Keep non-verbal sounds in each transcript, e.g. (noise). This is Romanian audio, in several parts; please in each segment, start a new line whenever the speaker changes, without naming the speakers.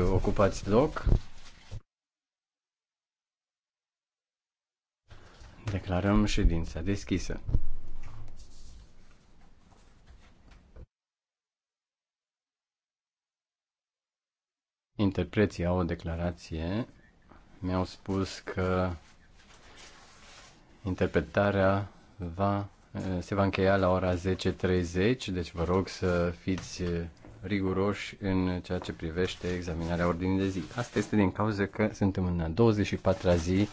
rog, ocupați loc. Declarăm ședința deschisă. Interpreții au o declarație. Mi-au spus că interpretarea va, se va încheia la ora 10.30, deci vă rog să fiți riguroși în ceea ce privește examinarea ordinii de zi. Asta este din cauza că suntem în a 24-a zi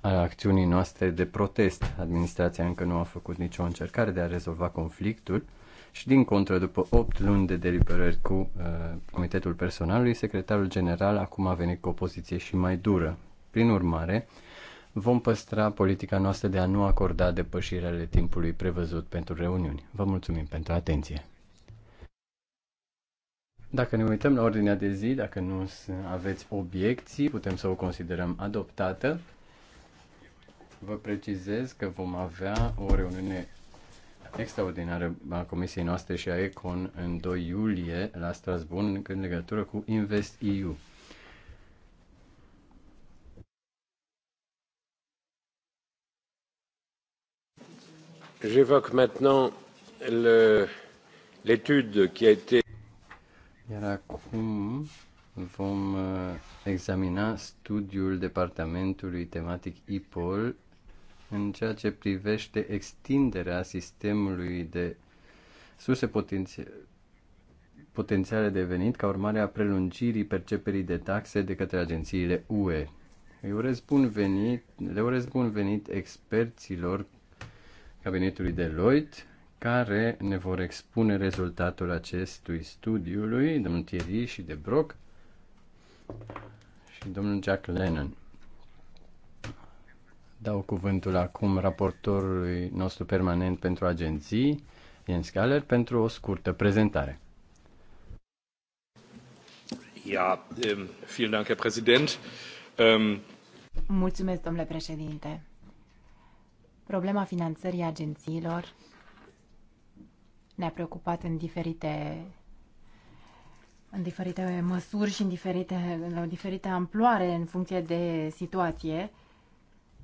a acțiunii noastre de protest. Administrația încă nu a făcut nicio încercare de a rezolva conflictul și, din contră, după 8 luni de deliberări cu uh, Comitetul Personalului, secretarul general acum a venit cu o poziție și mai dură. Prin urmare, vom păstra politica noastră de a nu acorda depășirea timpului prevăzut pentru reuniuni. Vă mulțumim pentru atenție. Dacă ne uităm la ordinea de zi, dacă nu aveți obiecții, putem să o considerăm adoptată. Vă precizez că vom avea o reuniune extraordinară a comisiei noastre și a ECON în 2 iulie la Strasbourg în legătură cu Invest EU. J'évoque maintenant l'étude qui a été iar acum vom uh, examina studiul departamentului tematic IPOL în ceea ce privește extinderea sistemului de surse potențiale potențiale de venit ca urmare a prelungirii perceperii de taxe de către agențiile UE. Îi urez bun venit, le urez bun venit experților cabinetului Deloitte care ne vor expune rezultatul acestui studiului, domnul Thierry și de Broc și domnul Jack Lennon. Dau cuvântul acum raportorului nostru permanent pentru agenții, Jens Galler, pentru o scurtă prezentare.
Ja, um, vielen Dank, Herr Präsident. Um... Mulțumesc, domnule președinte. Problema finanțării agențiilor ne-a preocupat în diferite în diferite măsuri și în diferite, în o diferită amploare în funcție de situație.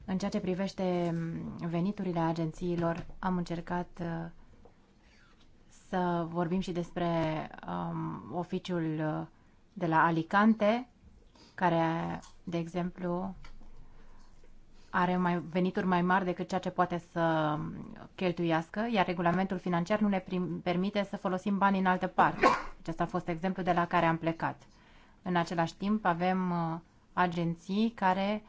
În ceea ce privește veniturile agențiilor, am încercat uh, să vorbim și despre um, oficiul uh, de la Alicante, care, de exemplu, are mai, venituri mai mari decât ceea ce poate să cheltuiască, iar regulamentul financiar nu ne prim, permite să folosim bani în altă parte. Deci Acesta a fost exemplu de la care am plecat. În același timp, avem uh, agenții care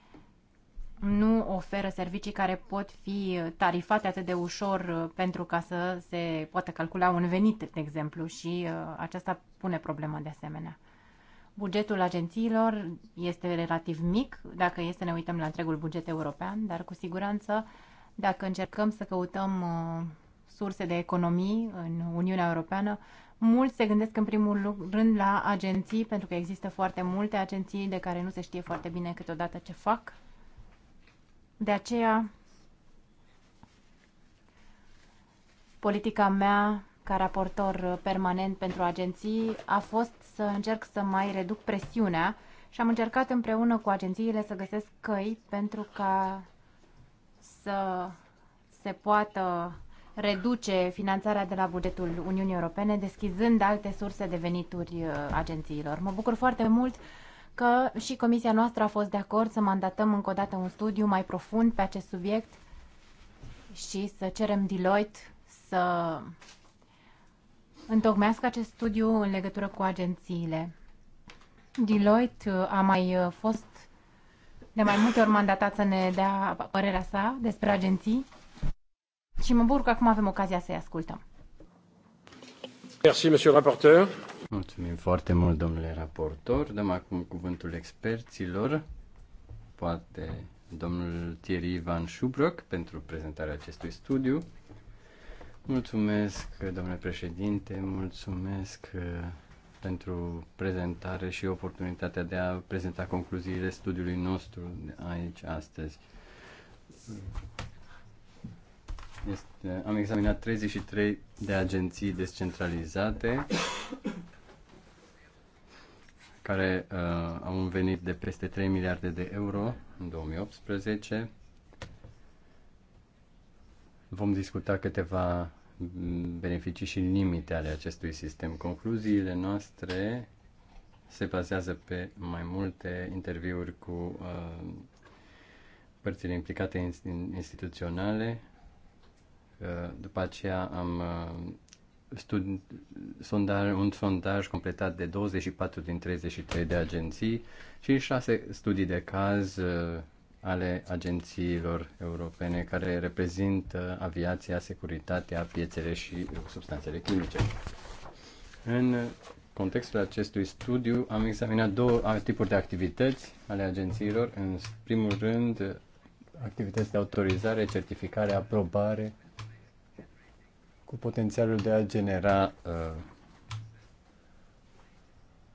nu oferă servicii care pot fi tarifate atât de ușor uh, pentru ca să se poată calcula un venit, de exemplu, și uh, aceasta pune problema de asemenea. Bugetul agențiilor este relativ mic dacă este să ne uităm la întregul buget european, dar cu siguranță dacă încercăm să căutăm uh, surse de economii în Uniunea Europeană, mulți se gândesc în primul rând la agenții, pentru că există foarte multe agenții de care nu se știe foarte bine câteodată ce fac. De aceea, politica mea ca raportor permanent pentru agenții a fost să încerc să mai reduc presiunea și am încercat împreună cu agențiile să găsesc căi pentru ca să se poată reduce finanțarea de la bugetul Uniunii Europene, deschizând alte surse de venituri uh, agențiilor. Mă bucur foarte mult că și comisia noastră a fost de acord să mandatăm încă o dată un studiu mai profund pe acest subiect și să cerem Deloitte să întocmească acest studiu în legătură cu agențiile. Deloitte a mai uh, fost de mai multe ori mandatat să ne dea părerea sa despre agenții și mă bucur că acum avem ocazia să-i ascultăm.
Merci, monsieur rapporteur. Mulțumim foarte mult, domnule raportor. Dăm acum cuvântul experților. Poate domnul Thierry Van Schubrock pentru prezentarea acestui studiu. Mulțumesc, domnule președinte, mulțumesc uh, pentru prezentare și oportunitatea de a prezenta concluziile studiului nostru aici astăzi. Este, am examinat 33 de agenții descentralizate care uh, au venit de peste 3 miliarde de euro în 2018 Vom discuta câteva beneficii și limite ale acestui sistem. Concluziile noastre se bazează pe mai multe interviuri cu uh, părțile implicate instituționale. Uh, după aceea am uh, sondaj, un sondaj completat de 24 din 33 de agenții și 6 studii de caz uh, ale agențiilor europene care reprezintă aviația, securitatea, piețele și substanțele chimice. În contextul acestui studiu am examinat două tipuri de activități ale agențiilor. În primul rând, activități de autorizare, certificare, aprobare, cu potențialul de a genera uh,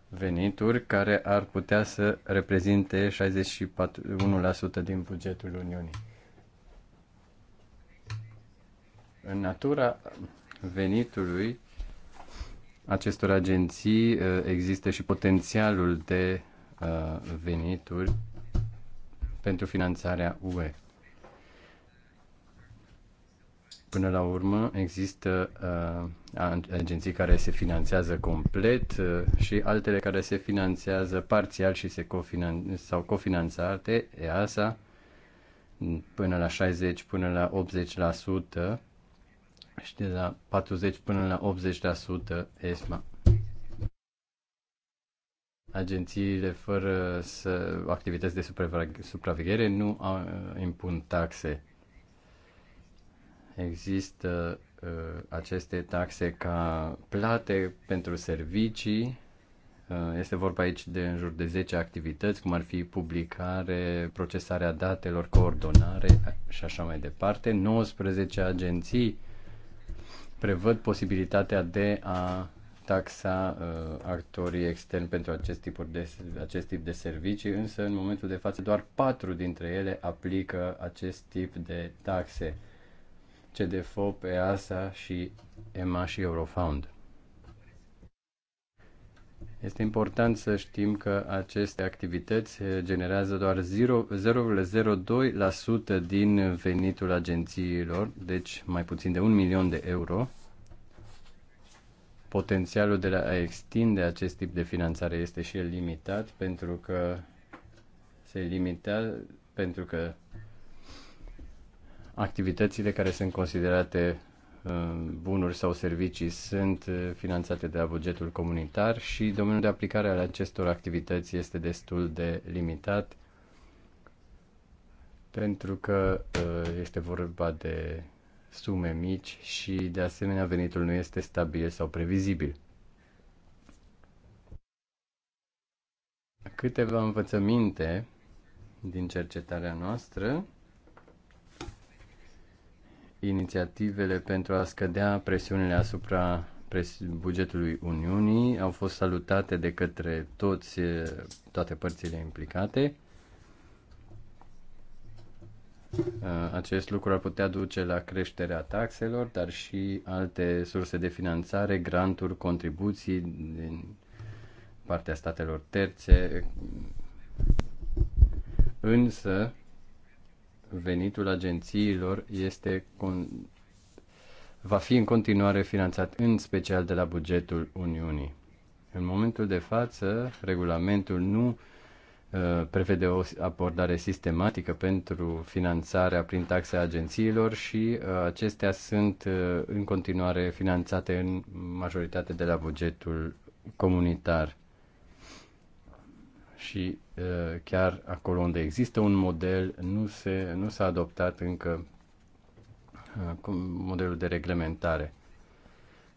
venituri care ar putea să reprezinte 61% din bugetul Uniunii. În natura venitului acestor agenții uh, există și potențialul de uh, venituri pentru finanțarea UE. Până la urmă, există uh, agenții care se finanțează complet uh, și altele care se finanțează parțial și se cofinan- sau cofinanțate, EASA, până la 60, până la 80% și de la 40 până la 80% ESMA. Agențiile fără să, activități de supraveghere nu impun taxe există uh, aceste taxe ca plate pentru servicii. Uh, este vorba aici de în jur de 10 activități, cum ar fi publicare, procesarea datelor, coordonare și așa mai departe. 19 agenții prevăd posibilitatea de a taxa uh, actorii externi pentru acest, tipuri de, acest tip de servicii, însă în momentul de față doar patru dintre ele aplică acest tip de taxe CDFO, PEASA și EMA și Eurofound. Este important să știm că aceste activități generează doar 0,02% din venitul agențiilor, deci mai puțin de un milion de euro. Potențialul de a extinde acest tip de finanțare este și el limitat pentru că se limitează pentru că activitățile care sunt considerate uh, bunuri sau servicii sunt uh, finanțate de la bugetul comunitar și domeniul de aplicare al acestor activități este destul de limitat pentru că uh, este vorba de sume mici și de asemenea venitul nu este stabil sau previzibil. Câteva învățăminte din cercetarea noastră inițiativele pentru a scădea presiunile asupra bugetului Uniunii au fost salutate de către toți, eh, toate părțile implicate. Eh, acest lucru ar putea duce la creșterea taxelor, dar și alte surse de finanțare, granturi, contribuții din partea statelor terțe. Însă, venitul agențiilor este va fi în continuare finanțat în special de la bugetul Uniunii. În momentul de față, regulamentul nu uh, prevede o abordare sistematică pentru finanțarea prin taxe a agențiilor și uh, acestea sunt uh, în continuare finanțate în majoritate de la bugetul comunitar și uh, chiar acolo unde există un model, nu, se, nu s-a adoptat încă uh, modelul de reglementare.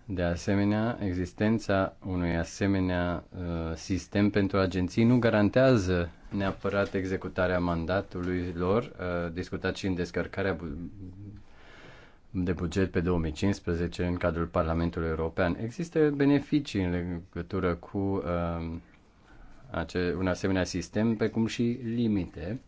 De asemenea, existența unui asemenea uh, sistem pentru agenții nu garantează neapărat executarea mandatului lor, discutat și în descărcarea de buget pe 2015 în cadrul Parlamentului European. Există beneficii în legătură cu uh, ace- un asemenea sistem, pe cum și limite,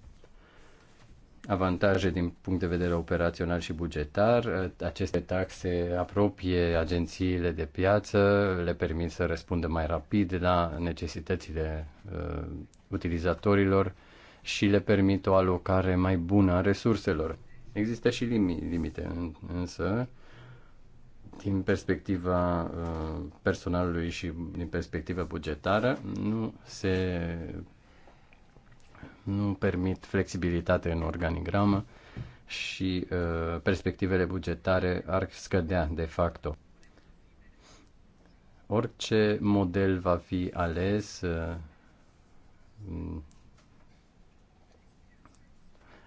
avantaje din punct de vedere operațional și bugetar. Aceste taxe apropie agențiile de piață, le permit să răspundă mai rapid la necesitățile uh, utilizatorilor și le permit o alocare mai bună a resurselor. Există și limite, însă din perspectiva uh, personalului și din perspectiva bugetară, nu se nu permit flexibilitate în organigramă și uh, perspectivele bugetare ar scădea de facto. Orice model va fi ales, uh,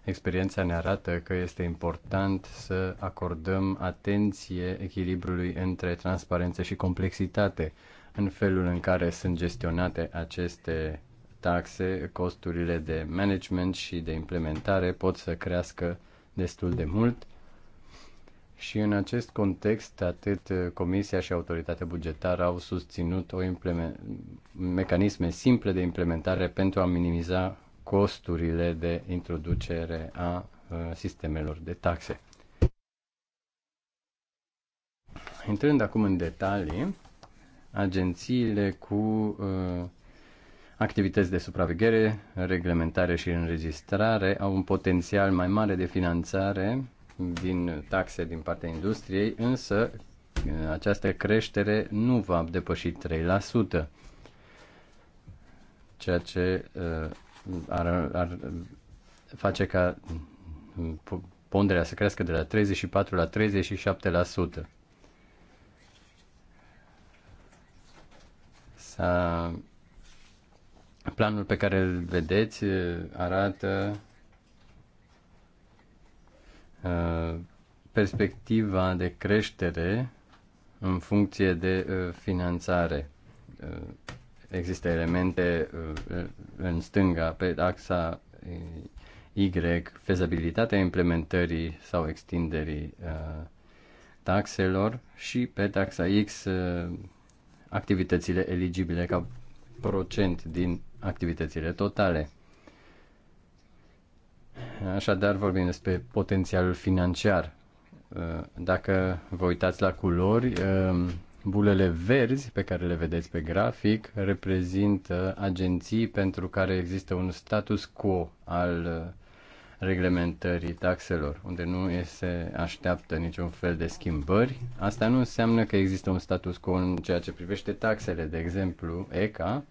Experiența ne arată că este important să acordăm atenție echilibrului între transparență și complexitate în felul în care sunt gestionate aceste taxe, costurile de management și de implementare pot să crească destul de mult. Și în acest context, atât Comisia și Autoritatea Bugetară au susținut o mecanisme simple de implementare pentru a minimiza costurile de introducere a sistemelor de taxe. Intrând acum în detalii, agențiile cu activități de supraveghere, reglementare și înregistrare au un potențial mai mare de finanțare din taxe din partea industriei, însă această creștere nu va depăși 3%, ceea ce ar, ar face ca ponderea să crească de la 34 la 37%. S-a, planul pe care îl vedeți uh, arată uh, perspectiva de creștere în funcție de uh, finanțare există elemente uh, în stânga pe axa eh, Y, fezabilitatea implementării sau extinderii uh, taxelor și pe taxa X uh, activitățile eligibile ca procent din activitățile totale. Așadar, vorbim despre potențialul financiar. Dacă vă uitați la culori, Bulele verzi pe care le vedeți pe grafic reprezintă agenții pentru care există un status quo al uh, reglementării taxelor, unde nu se așteaptă niciun fel de schimbări. Asta nu înseamnă că există un status quo în ceea ce privește taxele. De exemplu, ECA,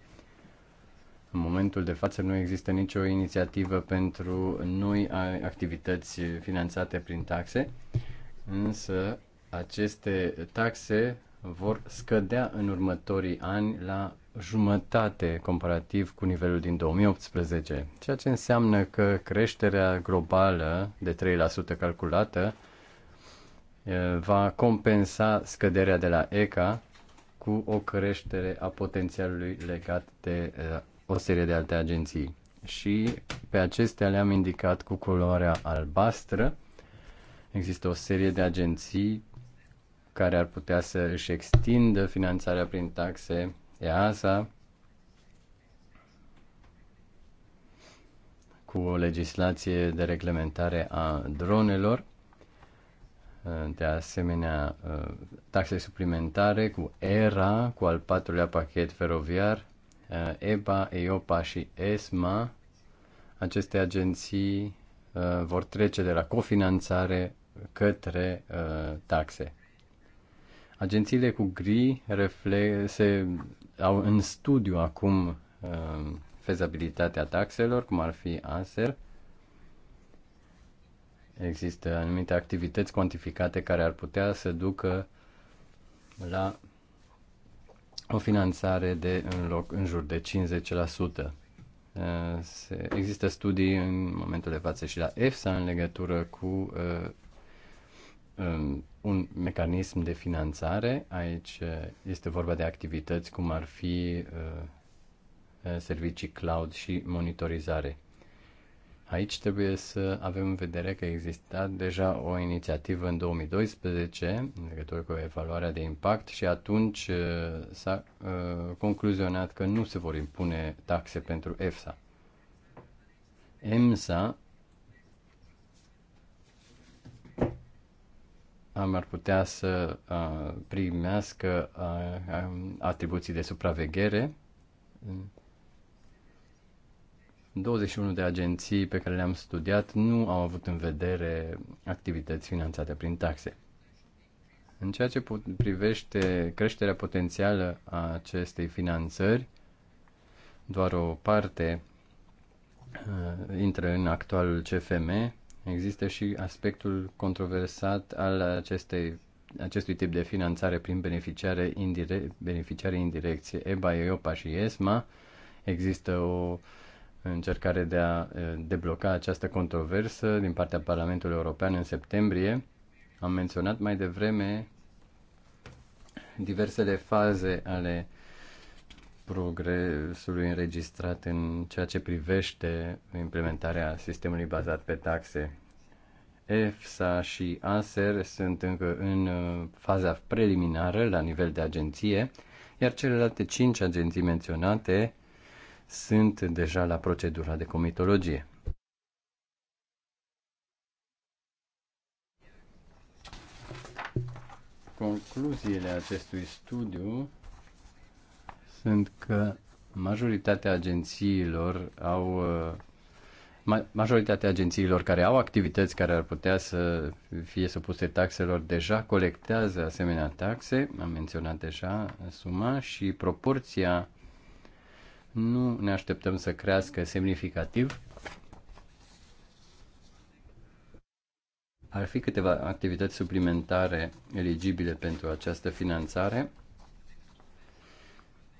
în momentul de față nu există nicio inițiativă pentru noi activități finanțate prin taxe, însă aceste taxe vor scădea în următorii ani la jumătate comparativ cu nivelul din 2018, ceea ce înseamnă că creșterea globală de 3% calculată va compensa scăderea de la ECA cu o creștere a potențialului legat de o serie de alte agenții. Și pe acestea le-am indicat cu culoarea albastră. Există o serie de agenții care ar putea să își extindă finanțarea prin taxe EASA cu o legislație de reglementare a dronelor, de asemenea taxe suplimentare cu ERA, cu al patrulea pachet feroviar, EBA, EIOPA și ESMA. Aceste agenții uh, vor trece de la cofinanțare către uh, taxe. Agențiile cu gri refle- se, au în studiu acum uh, fezabilitatea taxelor, cum ar fi ASER. Există anumite activități cuantificate care ar putea să ducă la o finanțare de în, loc, în jur de 50%. Uh, există studii în momentul de față și la EFSA în legătură cu uh, un mecanism de finanțare. Aici eh, este vorba de activități cum ar fi eh, eh, servicii cloud și monitorizare. Aici trebuie să avem în vedere că exista deja o inițiativă în 2012 în legătură cu evaluarea de impact și atunci s-a concluzionat că nu se vor impune taxe pentru EFSA. EMSA Am ar putea să primească atribuții de supraveghere. 21 de agenții pe care le-am studiat nu au avut în vedere activități finanțate prin taxe. În ceea ce privește creșterea potențială a acestei finanțări, doar o parte uh, intră în actualul CFM, Există și aspectul controversat al acestei, acestui tip de finanțare prin beneficiare, indire, beneficiare indirecție EBA, EOPA și ESMA. Există o încercare de a debloca această controversă din partea Parlamentului European în septembrie. Am menționat mai devreme diversele faze ale uh, progresului înregistrat în ceea ce privește implementarea sistemului bazat pe taxe. EFSA și ASER sunt încă în uh, faza preliminară la nivel de agenție, iar celelalte cinci agenții menționate sunt deja la procedura de comitologie. Concluziile acestui studiu sunt că majoritatea agențiilor au uh, majoritatea agențiilor care au activități care ar putea să fie supuse taxelor deja colectează asemenea taxe, am menționat deja suma și proporția nu ne așteptăm să crească semnificativ. Ar fi câteva activități suplimentare eligibile pentru această finanțare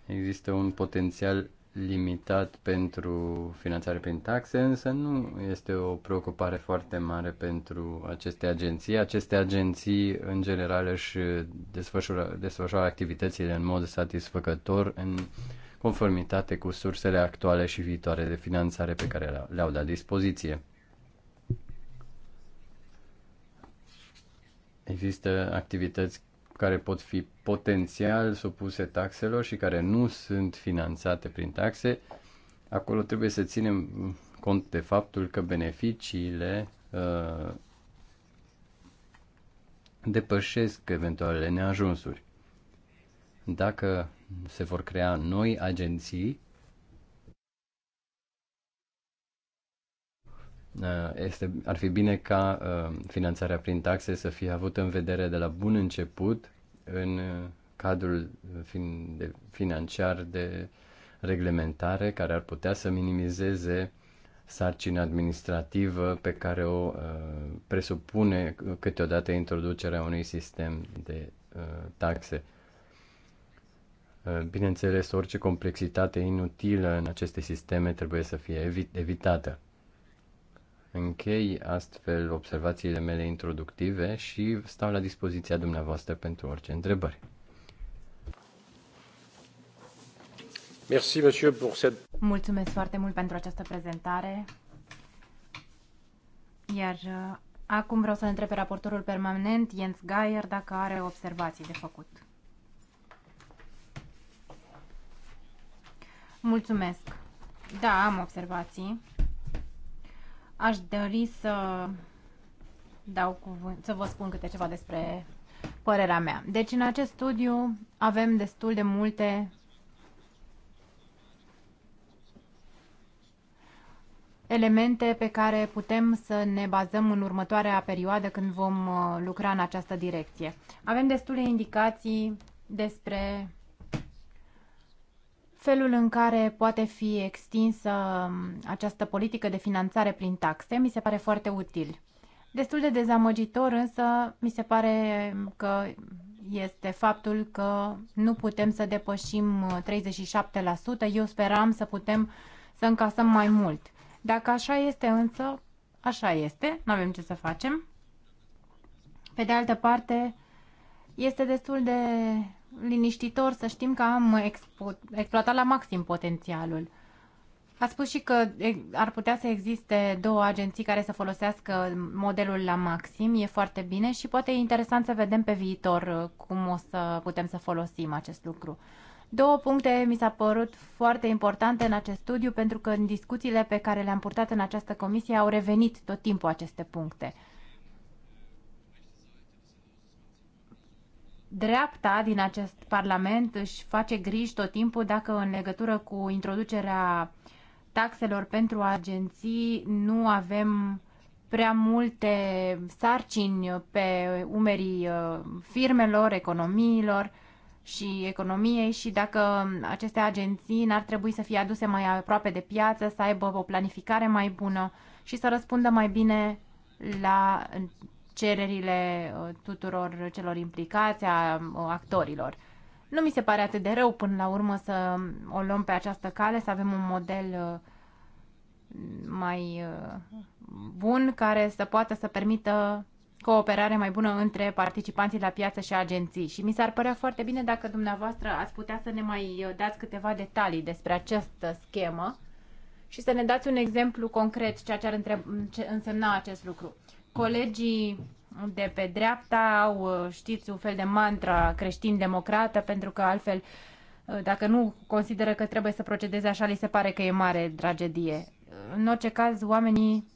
Există un potențial limitat pentru finanțare prin taxe, însă nu este o preocupare foarte mare pentru aceste agenții. Aceste agenții, în general, își desfășoară, desfășoară activitățile în mod satisfăcător, în conformitate cu sursele actuale și viitoare de finanțare pe care le-au dat dispoziție. Există activități care pot fi potențial supuse taxelor și care nu sunt finanțate prin taxe, acolo trebuie să ținem cont de faptul că beneficiile uh, depășesc eventualele neajunsuri. Dacă se vor crea noi agenții, Eh, este, ar fi bine ca eh, finanțarea prin taxe să fie avută în vedere de la bun început în eh, cadrul fin, de, financiar de reglementare care ar putea să minimizeze sarcina administrativă pe care o uh, presupune câteodată introducerea unui sistem de uh, taxe. Bineînțeles, orice complexitate inutilă în aceste sisteme trebuie să fie evitată. Închei astfel observațiile mele introductive și stau la dispoziția dumneavoastră pentru orice întrebări.
Merci, monsieur, pour cette...
Mulțumesc foarte mult pentru această prezentare. Iar uh, acum vreau să întreb pe raportorul permanent, Jens Geier, dacă are observații de făcut. Mulțumesc. Da, am observații. Aș dori să dau cuvânt, să vă spun câte ceva despre părerea mea. Deci în acest studiu avem destul de multe elemente pe care putem să ne bazăm în următoarea perioadă când vom uh, lucra în această direcție. Avem destule indicații despre felul în care poate fi extinsă um, această politică de finanțare prin taxe mi se pare foarte util. Destul de dezamăgitor însă mi se pare um, că este faptul că nu putem să depășim 37%. Uh, Eu speram să putem să încasăm mai mult. Dacă așa este însă, așa este, nu avem ce să facem. Pe de altă parte, este destul de liniștitor să știm că am exploatat la maxim potențialul. A spus și că ar putea să existe două agenții care să folosească modelul la maxim, e foarte bine și poate e interesant să vedem pe viitor uh, cum o să putem să folosim acest lucru. Două puncte mi s-a părut foarte importante în acest studiu pentru că în discuțiile pe care le-am purtat în această comisie au revenit tot timpul aceste puncte. dreapta din acest Parlament își face griji tot timpul dacă în legătură cu introducerea taxelor pentru agenții nu avem prea multe sarcini pe umerii uh, firmelor, economiilor și economiei și dacă aceste agenții n-ar trebui să fie aduse mai aproape de piață, să aibă o planificare mai bună și să răspundă mai bine la cererile uh, tuturor celor implicați, a uh, actorilor. Nu mi se pare atât de rău până la urmă să um, o luăm pe această cale, să avem un model uh, mai bun care să poată să permită cooperare mai bună între participanții la piață și agenții. Și mi s-ar părea foarte bine dacă dumneavoastră ați putea să ne mai dați câteva detalii despre această schemă și să ne dați un exemplu concret ceea ce ar întreb, ce însemna acest lucru. Colegii de pe dreapta au, uh, știți, un fel de mantra creștin-democrată, pentru că altfel, uh, dacă nu consideră că trebuie să procedeze așa, li se pare că e mare tragedie. În orice caz, oamenii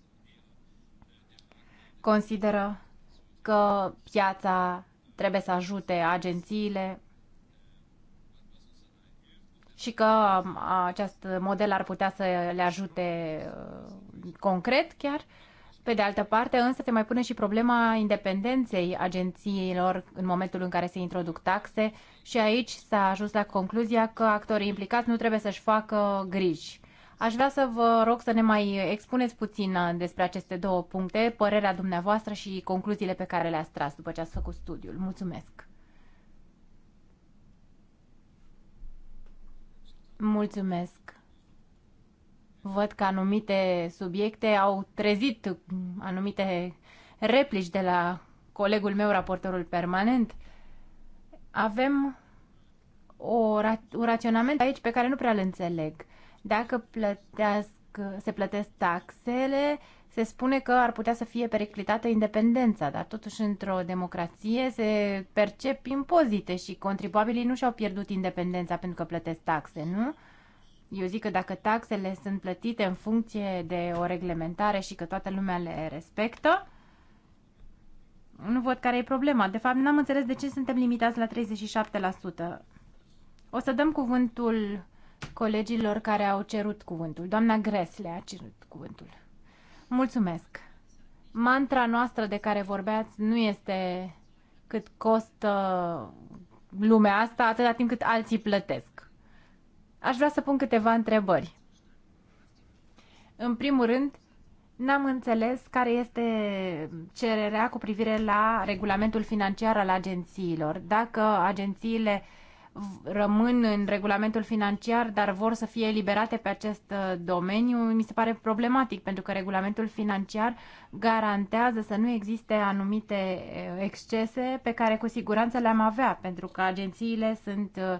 consideră că piața trebuie să ajute agențiile și că um, acest model ar putea să le ajute uh, concret chiar. Pe de altă parte, însă, se mai pune și problema independenței agențiilor în momentul în care se introduc taxe și aici s-a ajuns la concluzia că actorii implicați nu trebuie să-și facă griji. Aș vrea să vă rog să ne mai expuneți puțin despre aceste două puncte, părerea dumneavoastră și concluziile pe care le-ați tras după ce ați făcut studiul. Mulțumesc! Mulțumesc! văd că anumite subiecte au trezit anumite replici de la colegul meu, raportorul permanent. Avem o, un raționament aici pe care nu prea îl înțeleg. Dacă plătesc, se plătesc taxele, se spune că ar putea să fie periclitată independența, dar totuși într-o democrație se percep impozite și contribuabilii nu și-au pierdut independența pentru că plătesc taxe, nu? Eu zic că dacă taxele sunt plătite în funcție de o reglementare și că toată lumea le respectă, nu văd care e problema. De fapt, n-am înțeles de ce suntem limitați la 37%. O să dăm cuvântul colegilor care au cerut cuvântul. Doamna Gresle a cerut cuvântul. Mulțumesc. Mantra noastră de care vorbeați nu este cât costă lumea asta atâta timp cât alții plătesc. Aș vrea să pun câteva întrebări. În primul rând, n-am înțeles care este cererea cu privire la regulamentul financiar al agențiilor. Dacă agențiile rămân în regulamentul financiar, dar vor să fie eliberate pe acest uh, domeniu, mi se pare problematic, pentru că regulamentul financiar garantează să nu existe anumite uh, excese pe care cu siguranță le-am avea, pentru că agențiile sunt uh,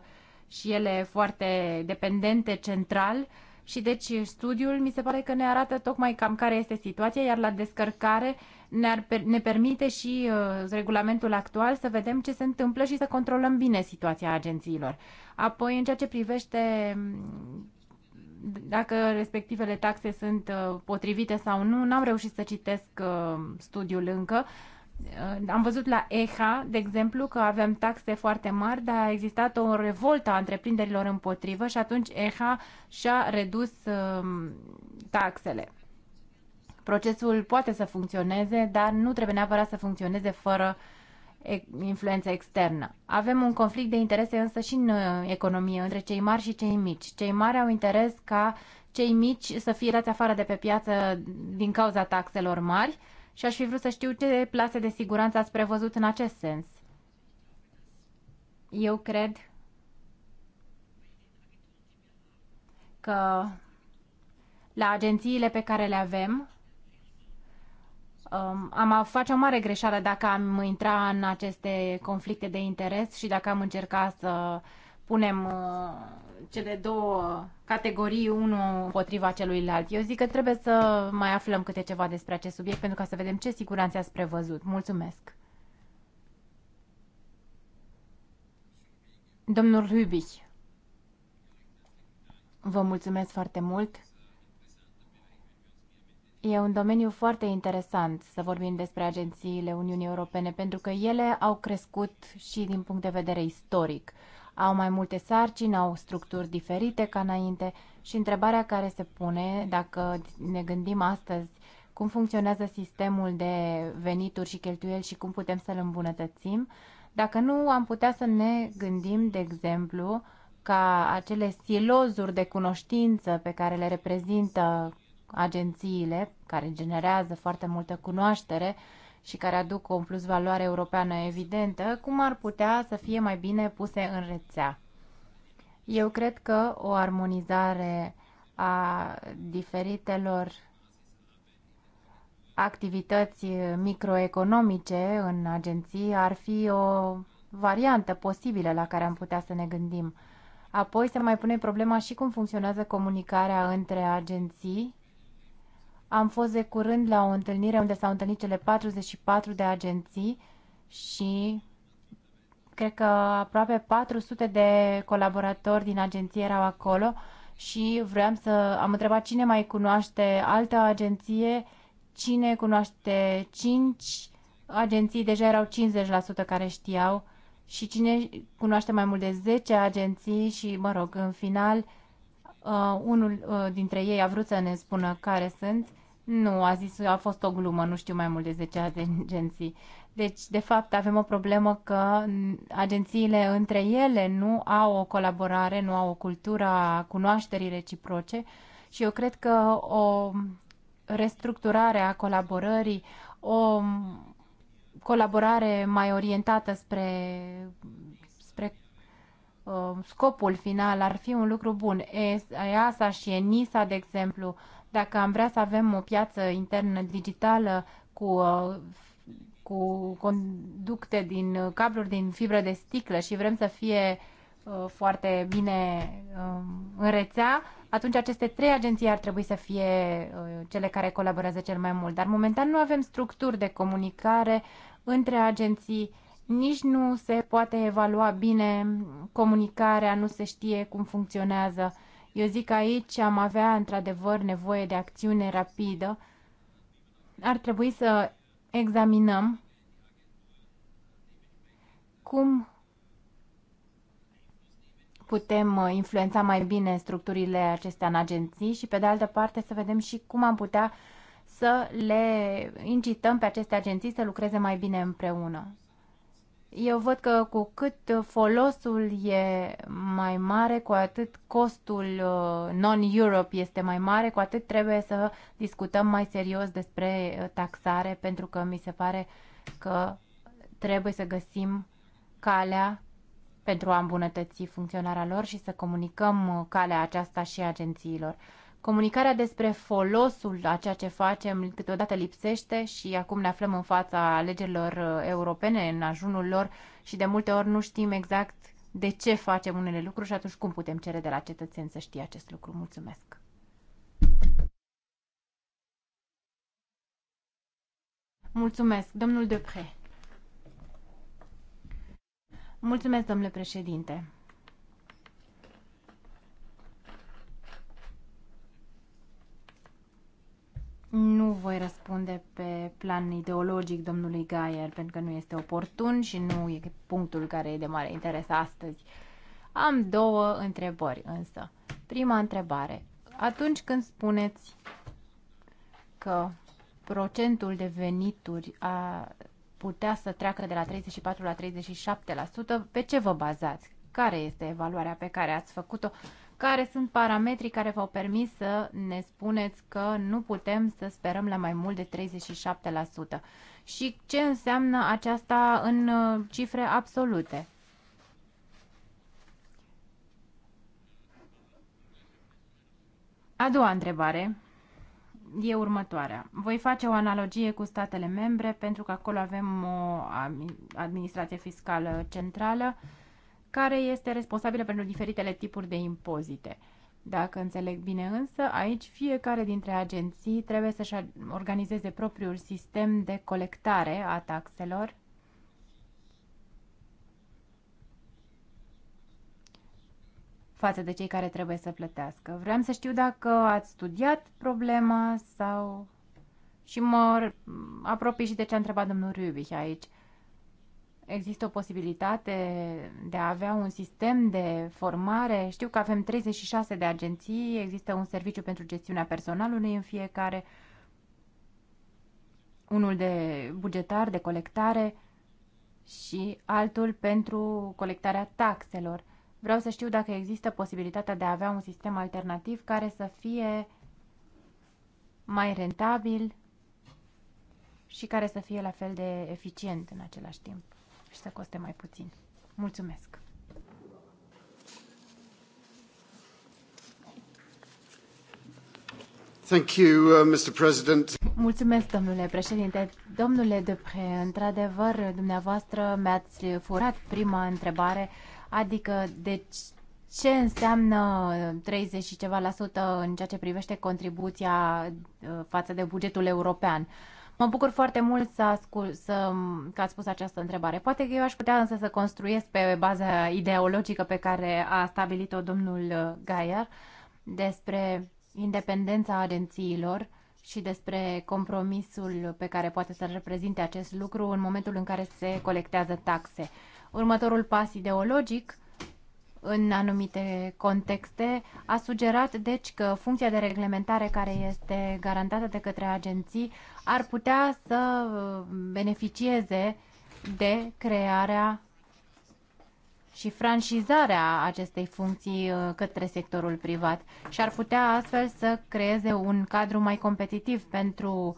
și ele foarte dependente central și deci studiul mi se pare că ne arată tocmai cam care este situația, iar la descărcare ne, ne permite și uh, regulamentul actual să vedem ce se întâmplă și să controlăm bine situația agențiilor. Apoi, în ceea ce privește mm, dacă respectivele taxe sunt uh, potrivite sau nu, n-am reușit să citesc uh, studiul încă, Uh, am văzut la EHA, de exemplu, că avem taxe foarte mari, dar a existat o revoltă a întreprinderilor împotrivă și atunci EHA și-a redus um, taxele. Procesul poate să funcționeze, dar nu trebuie neapărat să funcționeze fără influență externă. Avem un conflict de interese însă și în uh, economie, între cei mari și cei mici. Cei mari au interes ca cei mici să fie dați afară de pe piață din cauza taxelor mari, și aș fi vrut să știu ce plase de siguranță ați prevăzut în acest sens. Eu cred că la agențiile pe care le avem um, am face o mare greșeală dacă am intra în aceste conflicte de interes și dacă am încerca să punem uh, cele două categorii, unul potriva celuilalt. Eu zic că trebuie să mai aflăm câte ceva despre acest subiect pentru ca să vedem ce siguranțe ați prevăzut. Mulțumesc! Domnul Rübich, vă mulțumesc foarte mult! E un domeniu foarte interesant să vorbim despre agențiile Uniunii Europene, pentru că ele au crescut și din punct de vedere istoric au mai multe sarcini, au structuri diferite ca înainte și întrebarea care se pune, dacă ne gândim astăzi cum funcționează sistemul de venituri și cheltuieli și cum putem să-l îmbunătățim, dacă nu am putea să ne gândim, de exemplu, ca acele silozuri de cunoștință pe care le reprezintă agențiile, care generează foarte multă cunoaștere, și care aduc o plus valoare europeană evidentă, cum ar putea să fie mai bine puse în rețea. Eu cred că o armonizare a diferitelor activități microeconomice în agenții ar fi o variantă posibilă la care am putea să ne gândim. Apoi se mai pune problema și cum funcționează comunicarea între agenții am fost de curând la o întâlnire unde s-au întâlnit cele 44 de agenții și cred că aproape 400 de colaboratori din agenție erau acolo și vreau să am întrebat cine mai cunoaște altă agenție, cine cunoaște 5 agenții, deja erau 50% care știau și cine cunoaște mai mult de 10 agenții și, mă rog, în final, uh, unul uh, dintre ei a vrut să ne spună care sunt nu, a zis, a fost o glumă, nu știu mai mult de 10 agenții. Deci, de fapt, avem o problemă că agențiile între ele nu au o colaborare, nu au o cultură a cunoașterii reciproce și eu cred că o restructurare a colaborării, o colaborare mai orientată spre, spre uh, scopul final ar fi un lucru bun. EASA și ENISA, de exemplu, uh, dacă am vrea să avem o piață internă digitală cu uh, cu conducte din uh, cabluri din fibră de sticlă și vrem să fie uh, foarte bine um, în rețea, atunci aceste trei agenții ar trebui să fie cele care colaborează cel mai mult. Dar momentan nu avem structuri de comunicare între agenții, nici nu se poate evalua bine comunicarea, nu se știe cum funcționează eu zic că aici am avea într-adevăr nevoie de acțiune rapidă. Ar trebui să examinăm cum putem uh, influența mai bine structurile acestea în agenții și, pe de altă parte, să vedem și cum am putea să le incităm pe aceste agenții să lucreze mai bine împreună. Eu văd că cu cât folosul e mai mare, cu atât costul uh, non-Europe este mai mare, cu atât trebuie să discutăm mai serios despre uh, taxare, pentru că mi se pare că trebuie să găsim calea pentru a îmbunătăți funcționarea lor și să comunicăm uh, calea aceasta și agențiilor. Comunicarea despre folosul a ceea ce facem câteodată lipsește și acum ne aflăm în fața alegerilor uh, europene, în ajunul lor și de multe ori nu știm exact de ce facem unele lucruri și atunci cum putem cere de la cetățeni să știe acest lucru. Mulțumesc! Mulțumesc, domnul Depre. Mulțumesc, domnule președinte. Nu voi răspunde pe plan ideologic domnului Gaier, pentru că nu este oportun și nu e punctul care e de mare interes astăzi. Am două întrebări însă. Prima întrebare. Atunci când spuneți că procentul de venituri a putea să treacă de la 34 la 37%, pe ce vă bazați? Care este evaluarea pe care ați făcut-o? care sunt parametrii care v-au permis să ne spuneți că nu putem să sperăm la mai mult de 37% și ce înseamnă aceasta în uh, cifre absolute? A doua întrebare e următoarea. Voi face o analogie cu statele membre pentru că acolo avem o administrație fiscală centrală care este responsabilă pentru diferitele tipuri de impozite. Dacă înțeleg bine însă, aici fiecare dintre agenții trebuie să-și organizeze propriul sistem de colectare a taxelor față de cei care trebuie să plătească. Vreau să știu dacă ați studiat problema sau... Și mă apropii și de ce a întrebat domnul Rubich aici există o posibilitate de a avea un sistem de formare. Știu că avem 36 de agenții, există un serviciu pentru gestiunea personalului în fiecare, unul de bugetar, de colectare și altul pentru colectarea taxelor. Vreau să știu dacă există posibilitatea de a avea un sistem alternativ care să fie mai rentabil și care să fie la fel de eficient în același timp și să coste mai puțin. Mulțumesc! Thank you, uh, Mr. President. Mulțumesc, domnule președinte. Domnule Dupre, într-adevăr, dumneavoastră mi-ați furat prima întrebare, adică de ce înseamnă 30 și ceva la sută în ceea ce privește contribuția uh, față de bugetul european. Uh, Mă bucur foarte mult să, ascult, să că ați spus această întrebare. Poate că eu aș putea însă să construiesc pe baza ideologică pe care a stabilit-o domnul Gaier despre independența agențiilor și despre compromisul pe care poate să reprezinte acest lucru în momentul în care se colectează taxe. Următorul pas ideologic în anumite contexte. A sugerat, deci, că funcția de reglementare care este garantată de către agenții ar putea să beneficieze de crearea și franșizarea acestei funcții uh, către sectorul privat și ar putea astfel să creeze un cadru mai competitiv pentru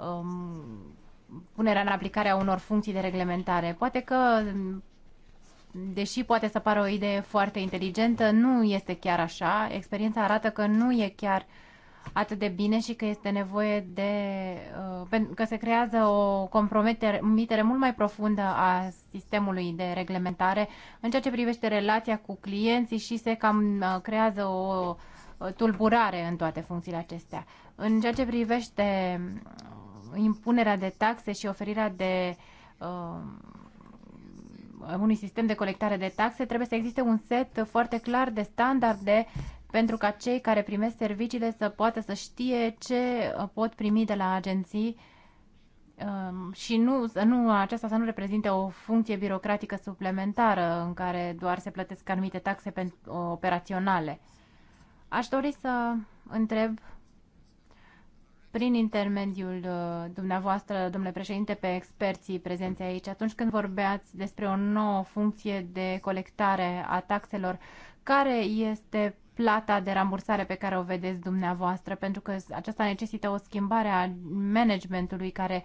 um, punerea în aplicare a unor funcții de reglementare. Poate că um, deși poate să pară o idee foarte inteligentă, nu este chiar așa. Experiența arată că nu e chiar atât de bine și că este nevoie de... Uh, că se creează o compromitere mult mai profundă a sistemului de reglementare în ceea ce privește relația cu clienții și se cam uh, creează o uh, tulburare în toate funcțiile acestea. În ceea ce privește impunerea de taxe și oferirea de unui sistem de colectare de taxe, trebuie să existe un set foarte clar de standarde pentru ca cei care primesc serviciile să poată să știe ce pot primi de la agenții um, și nu, nu, aceasta să nu reprezinte o funcție birocratică suplimentară în care doar se plătesc anumite taxe operaționale. Aș dori să întreb prin intermediul dumneavoastră, domnule președinte, pe experții prezenți aici, atunci când vorbeați despre o nouă funcție de colectare a taxelor, care este plata de rambursare pe care o vedeți dumneavoastră, pentru că aceasta necesită o schimbare a managementului care,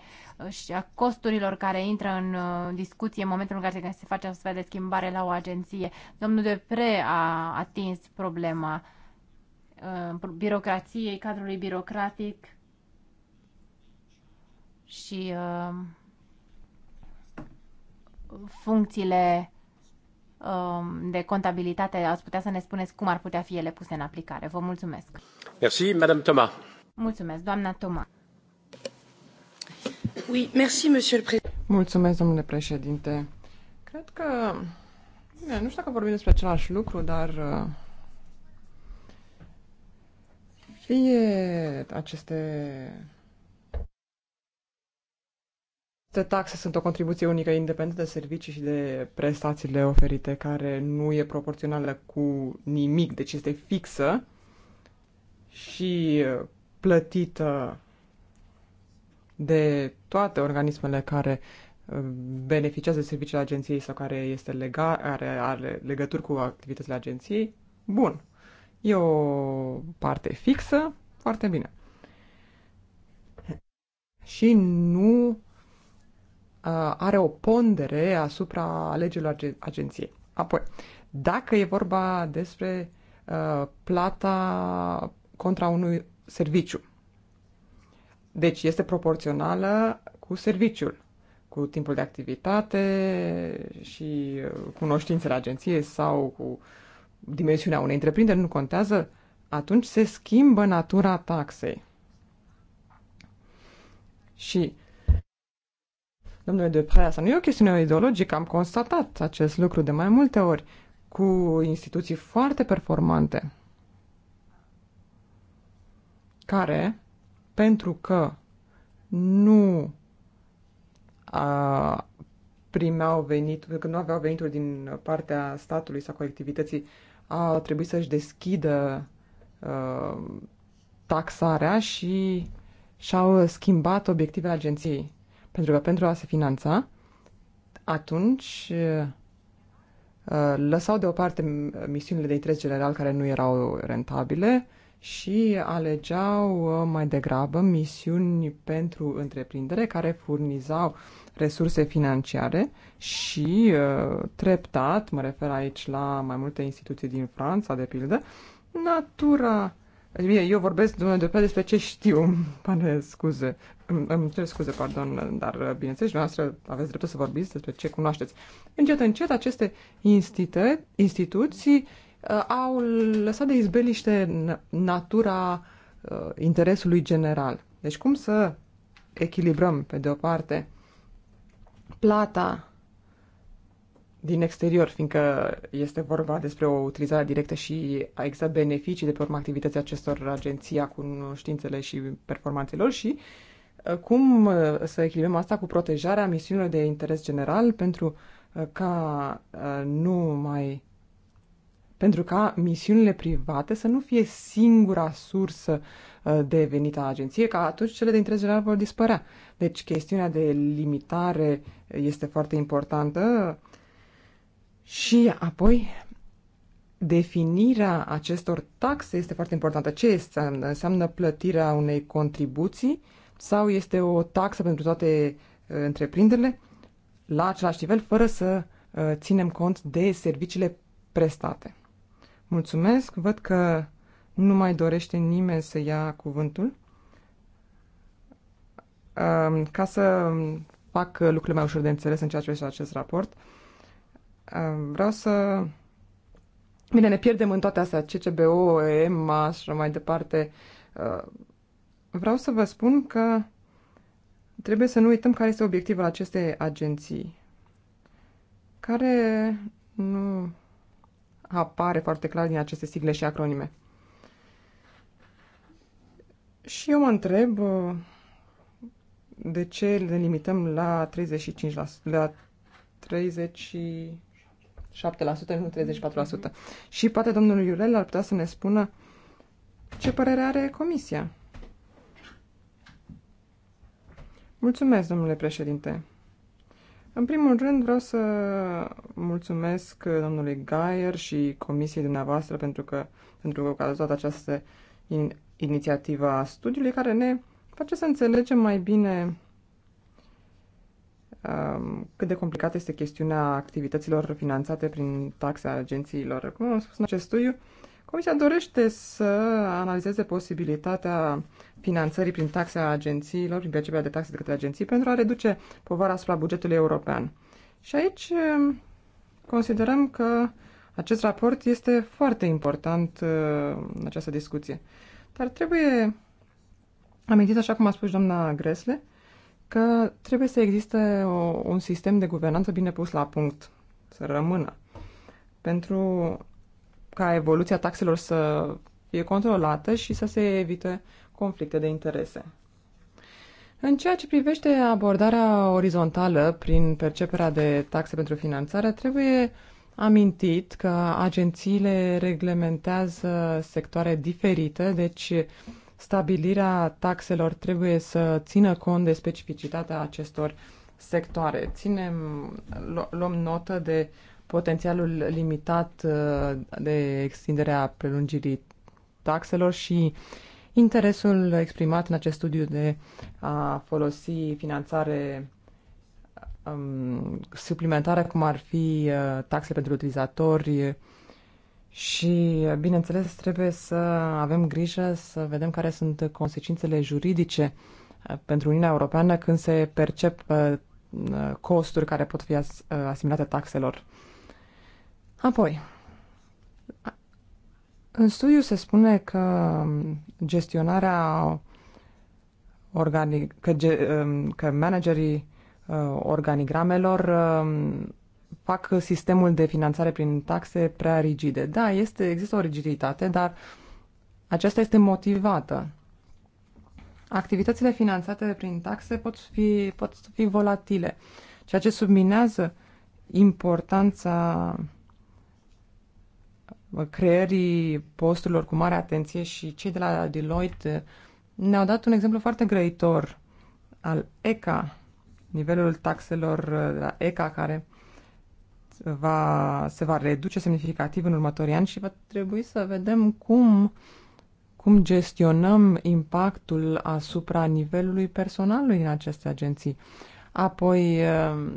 și a costurilor care intră în discuție în momentul în care se face o de schimbare la o agenție. Domnul Depre a atins problema birocrației, cadrului birocratic și uh, funcțiile uh, de contabilitate, ați putea să ne spuneți cum ar putea fi ele puse în aplicare. Vă mulțumesc.
Merci, Madame Thomas.
Mulțumesc, doamna Thomas. Oui, merci, monsieur le président.
Mulțumesc,
domnule președinte. Cred că, bine, nu știu dacă vorbim despre același lucru, dar uh, fie aceste taxe sunt o contribuție unică independentă de servicii și de prestațiile oferite, care nu e proporțională cu nimic, deci este fixă și uh, plătită de toate organismele care uh, beneficiază de serviciile agenției sau care este lega, are, are legături cu activitățile agenției, bun. E o parte fixă, foarte bine. Și nu Uh, are o pondere asupra alegerilor agenției. Apoi, dacă e vorba despre uh, plata contra unui serviciu, deci este proporțională cu serviciul, cu timpul de activitate și uh, cunoștințele agenției sau cu dimensiunea unei întreprinderi, nu contează, atunci se schimbă natura taxei. Și Domnule Depre, asta nu e o chestiune ideologică, am constatat acest lucru de mai multe ori cu instituții foarte performante care, pentru că nu a, primeau venit, că nu aveau venituri din partea statului sau colectivității, a trebuit să-și deschidă a, taxarea și și-au schimbat obiectivele agenției. Pentru că pentru a se finanța, atunci uh, lăsau deoparte misiunile de interes general care nu erau rentabile și alegeau uh, mai degrabă misiuni pentru întreprindere care furnizau resurse financiare și uh, treptat, mă refer aici la mai multe instituții din Franța, de pildă, natura Bine, eu vorbesc dumneavoastră despre ce știu, (laughs) pane scuze, îmi, cer scuze, pardon, dar bineînțeles, dumneavoastră aveți dreptul să vorbiți despre ce cunoașteți. Încet, încet, aceste institute, instituții uh, au lăsat de izbeliște natura uh, interesului general. Deci cum să echilibrăm, pe de o parte, plata din exterior, fiindcă este vorba despre o utilizare directă și a exact beneficii de pe urma activității acestor agenții cu științele și performanțelor și uh, Uh, cum uh, să echilibrăm asta cu protejarea misiunilor de interes general pentru uh, ca nu mai pentru ca misiunile private să nu fie singura sursă de venit a agenției, ca atunci cele de interes general vor dispărea. Deci chestiunea de limitare este foarte importantă și apoi definirea acestor taxe este foarte importantă. Ce este? înseamnă plătirea unei contribuții uh, sau este o taxă pentru toate uh, întreprinderile la același nivel, fără să uh, ținem cont de serviciile prestate. Mulțumesc, văd că nu mai dorește nimeni să ia cuvântul. Um, ca să um, fac lucrurile mai ușor de înțeles în ceea ce privește acest raport, um, vreau să... Bine, ne pierdem în toate astea, CCBO, EMA și mai departe, uh, vreau să vă spun că trebuie să nu uităm care este obiectivul acestei agenții, care nu apare foarte clar din aceste sigle și acronime. Și eu mă întreb uh, de ce le limităm la 35%, la 37%, nu 34%. Și poate domnul Iurel ar putea să ne spună ce părere are comisia. Mulțumesc, domnule președinte. În primul rând vreau să mulțumesc domnului Gaier și comisiei dumneavoastră pentru că, pentru că a luat această in, inițiativă a studiului care ne face să înțelegem mai bine um, cât de complicată este chestiunea activităților finanțate prin taxe a agențiilor. Cum am spus în acest studiu, Comisia dorește să analizeze posibilitatea finanțării prin taxe a agențiilor, prin percepția de taxe de către agenții, pentru a reduce povara asupra bugetului european. Și aici um, considerăm că acest raport este foarte important uh, în această discuție. Dar trebuie amintit, așa cum a spus doamna Gresle, că trebuie să existe o, un sistem de guvernanță bine pus la punct, să rămână, pentru ca evoluția taxelor să fie controlată și să se evite conflicte de interese. În ceea ce privește abordarea orizontală prin perceperea de taxe pentru finanțare, trebuie amintit că agențiile reglementează sectoare diferite, deci stabilirea taxelor trebuie să țină cont de specificitatea acestor sectoare. Ținem, luăm notă de potențialul limitat uh, de extinderea prelungirii taxelor și Interesul exprimat în acest studiu de a folosi finanțare um, suplimentară, cum ar fi uh, taxe pentru utilizatori și, uh, bineînțeles, trebuie să avem grijă să vedem care sunt consecințele juridice uh, pentru Uniunea Europeană când se percep uh, costuri care pot fi as, asimilate taxelor. Apoi, în studiu se spune că gestionarea organi- că, ge, um, că managerii uh, organigramelor um, fac sistemul de finanțare prin taxe prea rigide. Da, este, există o rigiditate, dar aceasta este motivată. Activitățile finanțate prin taxe pot fi, pot fi volatile, ceea ce subminează importanța creierii posturilor cu mare atenție și cei de la Deloitte ne-au dat un exemplu foarte grăitor al ECA, nivelul taxelor de la ECA care va, se va reduce semnificativ în următorii ani și va trebui să vedem cum, cum gestionăm impactul asupra nivelului personalului din aceste agenții. Apoi, uh,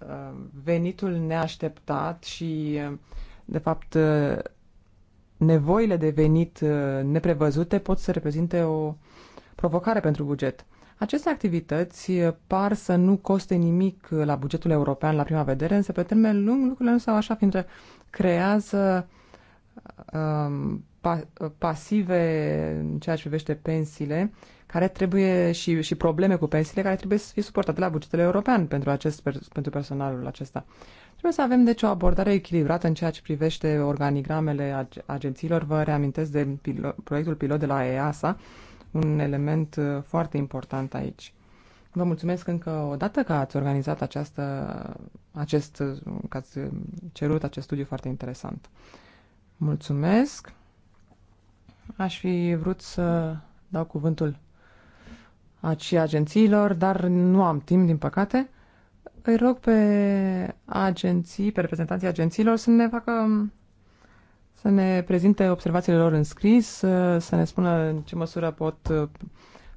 uh, venitul neașteptat și, uh, de fapt, nevoile de venit uh, neprevăzute pot să reprezinte o provocare pentru buget. Aceste activități uh, par să nu coste nimic uh, la bugetul european la prima vedere, însă pe termen lung lucrurile nu stau așa, fiindcă creează um, pa pasive în ceea ce privește pensiile care trebuie și, și probleme cu pensiile care trebuie să fie suportate la bugetele european pentru, acest, pentru personalul acesta. Trebuie să avem, deci, o abordare echilibrată în ceea ce privește organigramele ag- agențiilor. Vă reamintesc de pilo- proiectul pilot de la EASA, un element uh, foarte important aici. Vă mulțumesc încă o dată că ați organizat această, acest, că ați cerut acest studiu foarte interesant. Mulțumesc. Aș fi vrut să dau cuvântul și agențiilor, dar nu am timp, din păcate. Îi rog pe agenții, pe reprezentanții agențiilor să ne facă să ne prezinte observațiile lor în scris, să ne spună în ce măsură pot uh,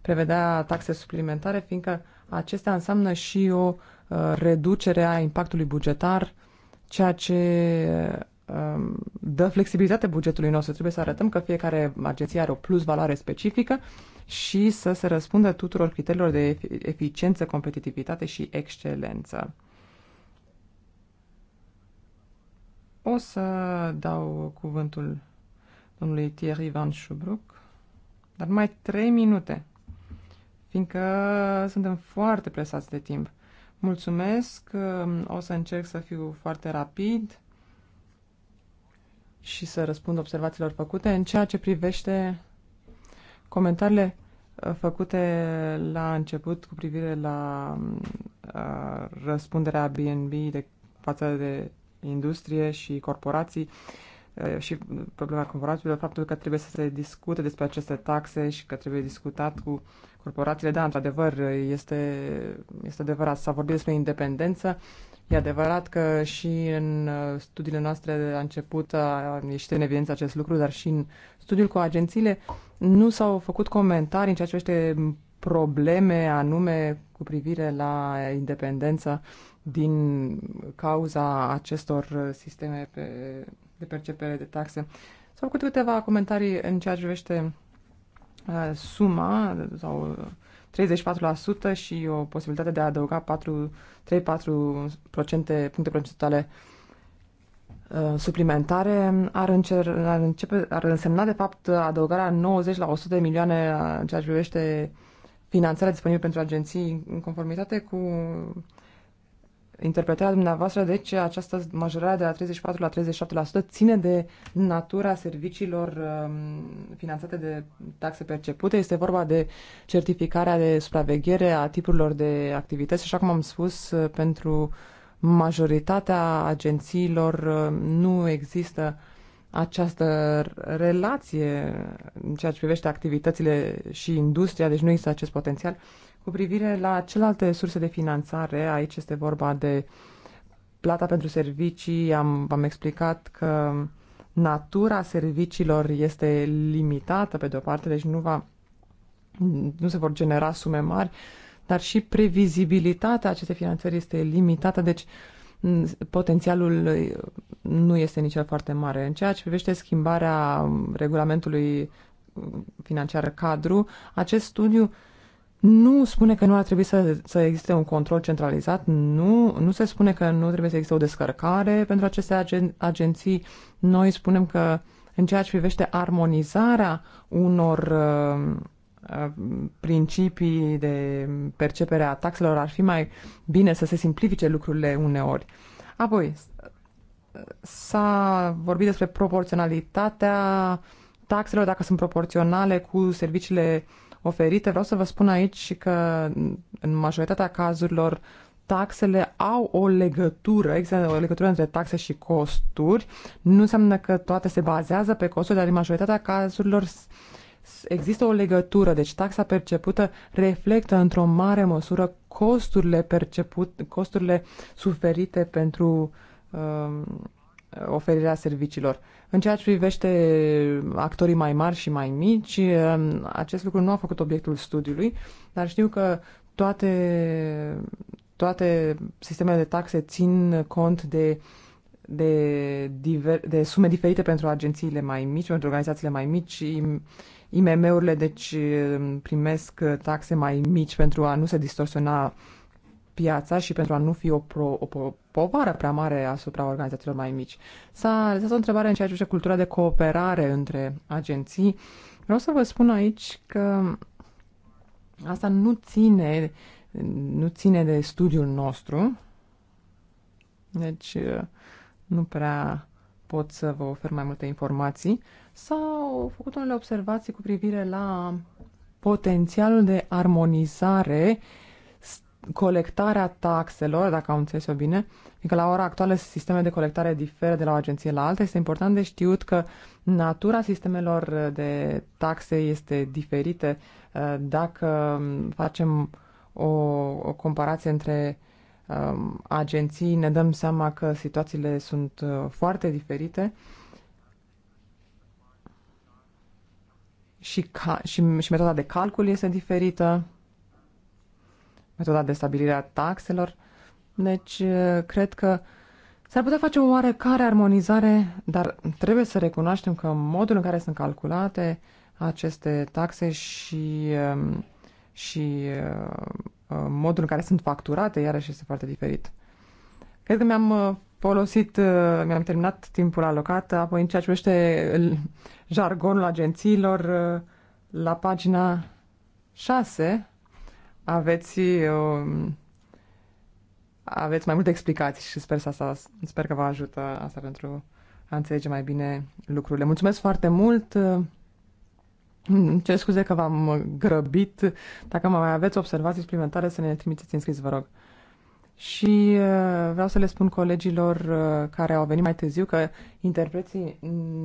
prevedea taxe suplimentare, fiindcă acestea înseamnă și o uh, reducere a impactului bugetar, ceea ce uh, um, dă flexibilitate bugetului nostru. Trebuie să arătăm că fiecare agenție are o plus valoare specifică și să se răspundă tuturor criteriilor de eficiență, competitivitate și excelență. O să dau cuvântul domnului Thierry Van Schubruck, dar mai trei minute, fiindcă suntem foarte presați de timp. Mulțumesc, o să încerc să fiu foarte rapid și să răspund observațiilor făcute în ceea ce privește Comentariile uh, făcute la început cu privire la uh, răspunderea BNB de față de industrie și corporații uh, și problema corporațiilor, faptul că trebuie să se discute despre aceste taxe și că trebuie discutat cu corporațiile. Da, într-adevăr, este, este adevărat. S-a vorbit despre independență, E adevărat că și în uh, studiile noastre de la început a ieșit în evidență acest lucru, dar și în studiul cu agențiile nu s-au făcut comentarii în ceea ce privește probleme anume cu privire la independență din cauza acestor uh, sisteme pe, de percepere de taxe. S-au făcut câteva comentarii în ceea ce privește uh, suma sau 34% și o posibilitate de a adăuga 3-4 puncte procentuale uh, suplimentare ar, încer, ar, începe, ar însemna, de fapt, adăugarea 90 la 100 de milioane uh, în ceea ce privește finanțarea disponibilă pentru agenții în conformitate cu interpretarea dumneavoastră, deci această majorare de la 34 la 37% ține de natura serviciilor um, finanțate de taxe percepute. Este vorba de certificarea de supraveghere a tipurilor de activități, așa cum am spus, pentru majoritatea agențiilor um, nu există această relație în ceea ce privește activitățile și industria, deci nu există acest potențial cu privire la celelalte surse de finanțare, aici este vorba de plata pentru servicii, am, v-am explicat că natura serviciilor este limitată pe de o parte, deci nu, va, nu se vor genera sume mari, dar și previzibilitatea acestei finanțări este limitată, deci potențialul nu este nici el foarte mare. În ceea ce privește schimbarea regulamentului financiar cadru, acest studiu nu spune că nu ar trebui să, să existe un control centralizat, nu, nu se spune că nu trebuie să existe o descărcare pentru aceste agen, agenții. Noi spunem că în ceea ce privește armonizarea unor uh, uh principii de percepere a taxelor, ar fi mai bine să se simplifice lucrurile uneori. Apoi, s-a vorbit despre proporționalitatea taxelor, dacă sunt proporționale cu serviciile uh, oferite. Vreau să vă spun aici că în majoritatea cazurilor taxele au o legătură, există o legătură între taxe și costuri. Nu înseamnă că toate se bazează pe costuri, dar în majoritatea cazurilor există o legătură, deci taxa percepută reflectă într-o mare măsură costurile perceput, costurile suferite pentru uh, oferirea serviciilor. În ceea ce privește actorii mai mari și mai mici, um, acest lucru nu a făcut obiectul studiului, dar știu că toate, toate sistemele de taxe țin cont de, de, diver, de sume diferite pentru agențiile mai mici, pentru organizațiile mai mici. IMM-urile, deci, um, primesc taxe mai mici pentru a nu se distorsiona piața și pentru a nu fi o, pro, o povară prea mare asupra organizațiilor mai mici. S-a realizat o întrebare în ceea ce cultura de cooperare între agenții. Vreau să vă spun aici că asta nu ține, nu ține de studiul nostru, deci nu prea pot să vă ofer mai multe informații. S-au făcut unele observații cu privire la potențialul de armonizare uh, colectarea taxelor, dacă am înțeles o bine, adică la ora actuală sisteme de colectare diferă de la o agenție la alta, este important de știut că natura sistemelor de taxe este diferită uh, dacă facem o, o comparație între um, agenții, ne dăm seama că situațiile sunt uh, foarte diferite și, ca, și, și metoda de calcul este diferită metoda de stabilire a taxelor. Deci, eh, cred că s-ar putea face o oarecare armonizare, dar trebuie să recunoaștem că modul în care sunt calculate aceste taxe și, eh, și eh, modul în care sunt facturate, iarăși este foarte diferit. Cred că mi-am folosit, mi-am terminat timpul alocat, apoi în ceea ce privește jargonul agențiilor, la pagina 6 aveți, uh, aveți mai multe explicații și sper, să asta, sper că vă ajută asta pentru a înțelege mai bine lucrurile. Mulțumesc foarte mult! Ce scuze că v-am grăbit. Dacă mai aveți observații suplimentare, să ne trimiteți înscris, vă rog. Și uh, vreau să le spun colegilor uh, care au venit mai târziu că interpreții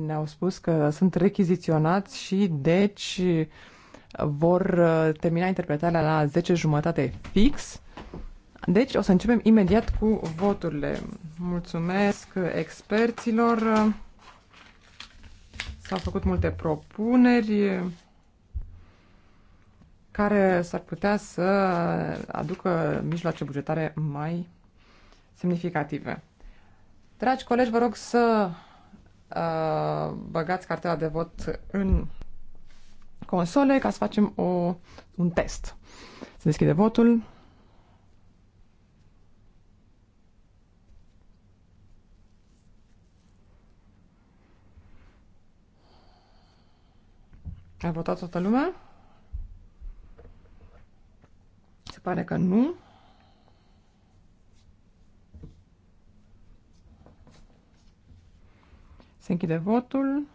ne-au spus că sunt rechiziționați și deci vor uh, termina interpretarea la 10 jumătate fix. Deci o să începem imediat cu voturile. Mulțumesc experților. S-au făcut multe propuneri care s-ar putea să aducă mijloace bugetare mai semnificative. Dragi colegi, vă rog să uh, băgați cartela de vot în console ca să facem o, un test. Se deschide votul. A votat toată lumea? Se pare că nu. Se închide votul.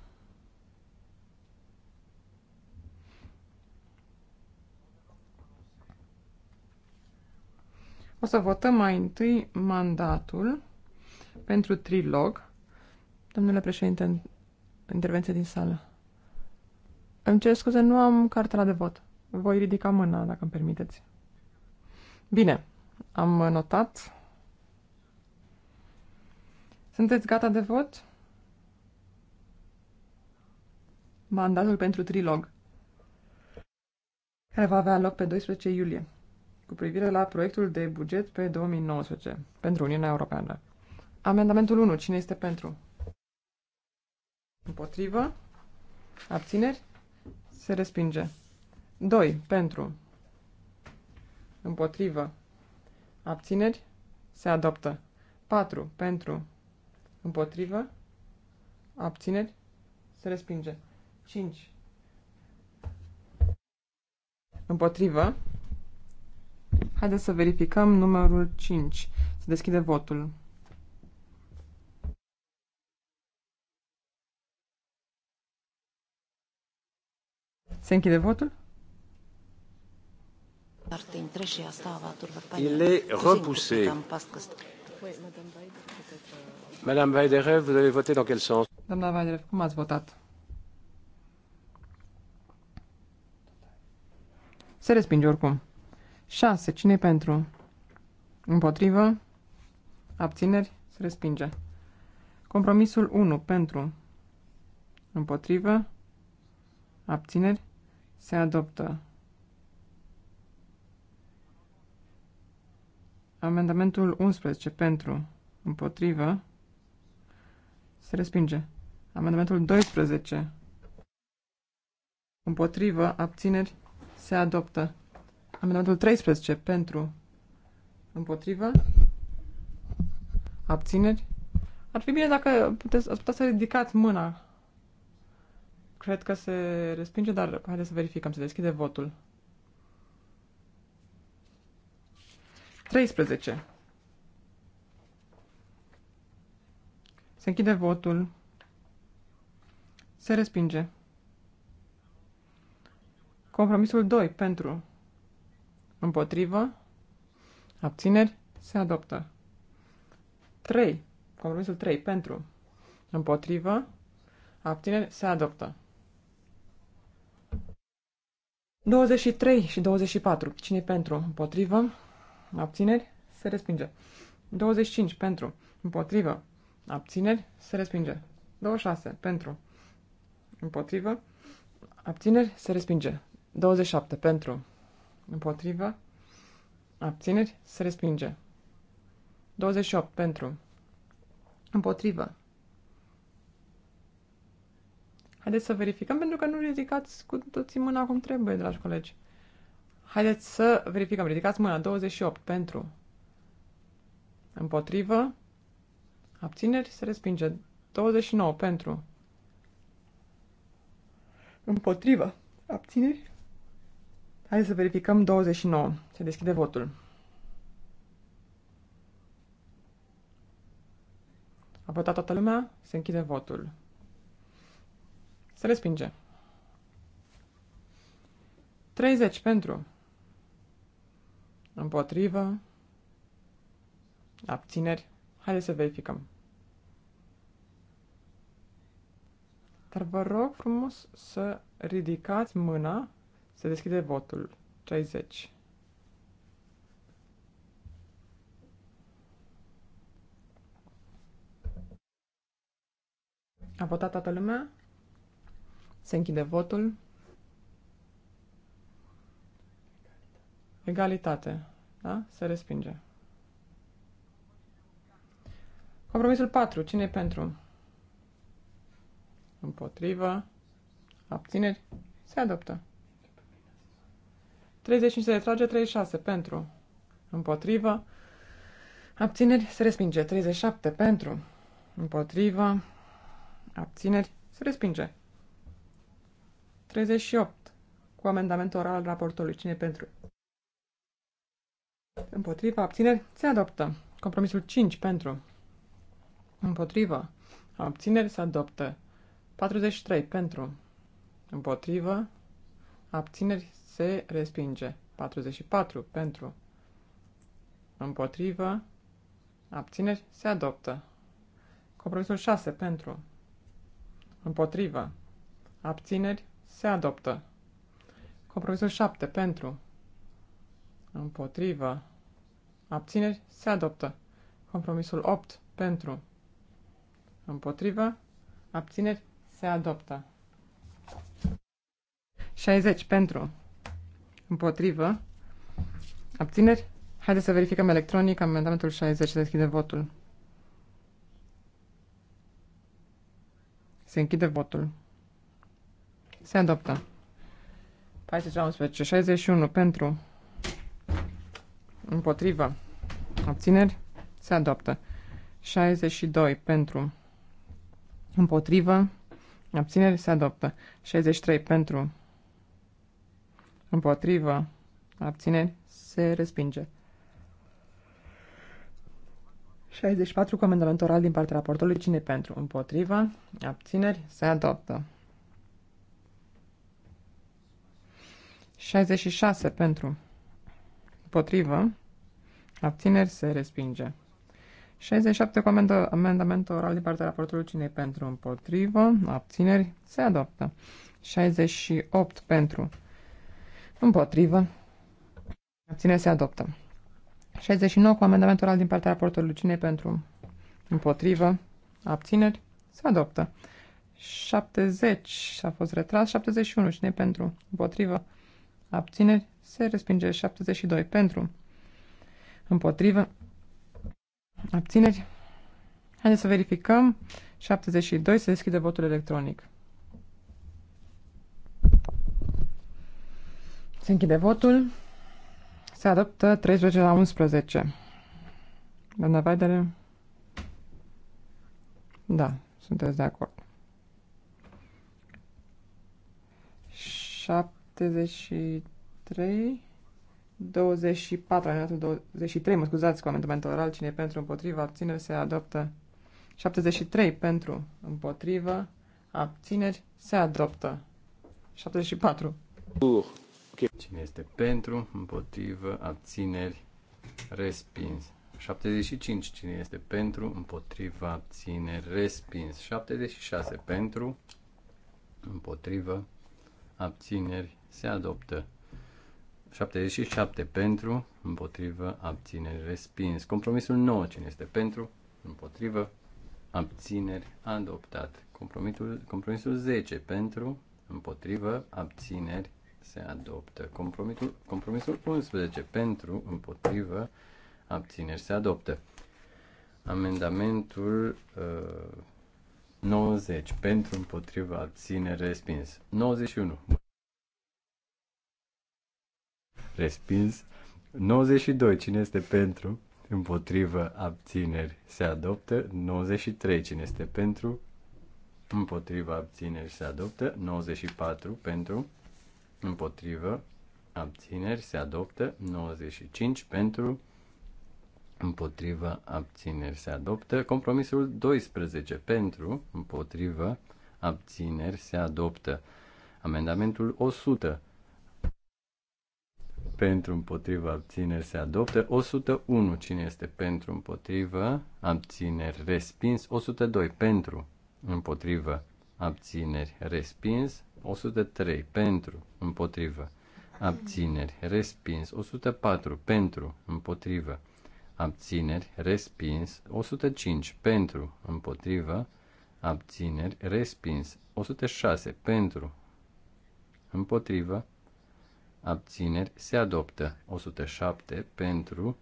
O să votăm mai întâi mandatul pentru trilog. Domnule președinte, intervenție din sală. Îmi cer scuze, nu am cartela de vot. Voi ridica mâna, dacă îmi permiteți. Bine, am notat. Sunteți gata de vot? Mandatul pentru trilog, care va avea loc pe 12 iulie cu privire la proiectul de buget pe 2019 pentru Uniunea Europeană. Amendamentul 1. Cine este pentru? Împotrivă? Abțineri? Se respinge. 2. Pentru. Împotrivă. Abțineri? Se adoptă. 4. Pentru. Împotrivă? Abțineri? Se respinge. 5. Împotrivă? Haideți să verificăm numărul 5. Se deschide votul. Se închide votul? Il est repoussé.
Madame Weiderev, vous avez voté dans quel sens
Madame Weiderev, cum ați votat? Se respinge oricum. 6. Cine pentru? Împotrivă. Abțineri. Se respinge. Compromisul 1. Pentru. Împotrivă. Abțineri. Se adoptă. Amendamentul 11. Pentru. Împotrivă. Se respinge. Amendamentul 12. Împotrivă. Abțineri. Se adoptă. Amendamentul 13 pentru împotrivă abțineri. Ar fi bine dacă puteți, ați putea să ridicați mâna. Cred că se respinge, dar haideți să verificăm. Se deschide votul. 13. Se închide votul. Se respinge. Compromisul 2 pentru Împotrivă. Abțineri. Se adoptă. 3. Compromisul 3. Pentru. Împotrivă. Abțineri. Se adoptă. 23 și 24. cine pentru? Împotrivă. Abțineri. Se respinge. 25. Pentru. Împotrivă. Abțineri. Se respinge. 26. Pentru. Împotrivă. Abțineri. Se respinge. 27. Pentru. Împotrivă. Abțineri. Se respinge. 28 pentru. Împotrivă. Haideți să verificăm, pentru că nu ridicați cu toții mâna cum trebuie, dragi colegi. Haideți să verificăm. Ridicați mâna. 28 pentru. Împotrivă. Abțineri. Se respinge. 29 pentru. Împotrivă. Abțineri. Haideți să verificăm 29. Se deschide votul. A votat toată lumea? Se închide votul. Se respinge. 30 pentru. Împotrivă. Abțineri. Haideți să verificăm. Dar vă rog frumos să ridicați mâna se deschide votul. 60. A votat toată lumea? Se închide votul. Egalitate. Da? Se respinge. Compromisul 4. Cine e pentru? Împotrivă. Abțineri. Se adoptă. 35 se retrage, 36 pentru. Împotrivă. Abțineri se respinge. 37 pentru. Împotrivă. Abțineri se respinge. 38. Cu amendament oral al raportului. Cine pentru? Împotrivă. Abțineri se adoptă. Compromisul 5 pentru. Împotrivă. Abțineri se adoptă. 43 pentru. Împotrivă. Abțineri se respinge. 44 pentru, împotrivă, abțineri, se adoptă. Compromisul 6 pentru, împotrivă, abțineri, se adoptă. Compromisul 7 pentru, împotrivă, abțineri, se adoptă. Compromisul 8 pentru, împotrivă, abțineri, se adoptă. 60 pentru, Împotrivă. Abțineri? Haideți să verificăm electronic amendamentul 60. și deschide votul. Se închide votul. Se adoptă. 14, 61 pentru. Împotrivă. Abțineri? Se adoptă. 62 pentru. Împotrivă. Abțineri? Se adoptă. 63 pentru. Împotrivă. Abțineri. Se respinge. 64. Comandament oral din partea raportului. Cine pentru? Împotrivă. Abțineri. Se adoptă. 66 pentru. Împotrivă. Abțineri se respinge. 67 cu amendament oral din partea raportului cine pentru împotrivă, abțineri se adoptă. 68 pentru Împotrivă. Abține se adoptă. 69 cu amendamentul oral din partea raportorului cine pentru împotrivă, abțineri, se adoptă. 70 a fost retras, 71 cine pentru împotrivă, abțineri, se respinge 72 pentru împotrivă, abțineri. Haideți să verificăm. 72 se deschide votul electronic. Se închide votul. Se adoptă 13 la 11. Doamna Vaidere? Da, sunteți de acord. 73 24, 23, mă scuzați cu amendamentul oral, cine e pentru, împotriva, abțineri, se adoptă. 73 pentru, împotrivă, abțineri, se adoptă. 74.
Uh. Okay. Cine este pentru, împotrivă, abțineri, respins. 75. Cine este pentru, împotrivă, abțineri, respins. 76. Pentru, împotrivă, abțineri, se adoptă. 77 pentru, împotrivă, abțineri, respins. Compromisul 9, cine este pentru, împotrivă, abțineri, adoptat. Compromisul, compromisul 10 pentru, împotrivă, abțineri, se adoptă. Compromisul, compromisul 11 pentru, împotrivă, abțineri se adoptă. Amendamentul uh, 90 pentru, împotrivă, abțineri respins. 91. Respins. 92. Cine este pentru? Împotrivă, abțineri, se adoptă. 93. Cine este pentru? Împotrivă, abțineri, se adoptă. 94. Pentru, împotrivă, abțineri, se adoptă. 95 pentru, împotrivă, abțineri, se adoptă. Compromisul 12 pentru, împotrivă, abțineri, se adoptă. Amendamentul 100 pentru împotriva abțineri se adoptă, 101 cine este pentru împotrivă, abțineri respins, 102 pentru împotrivă, abțineri respins, 103 pentru, împotrivă, abțineri, respins. 104 pentru, împotrivă, abțineri, respins. 105 pentru, împotrivă, abțineri, respins. 106 pentru, împotrivă, abțineri, se adoptă. 107 pentru,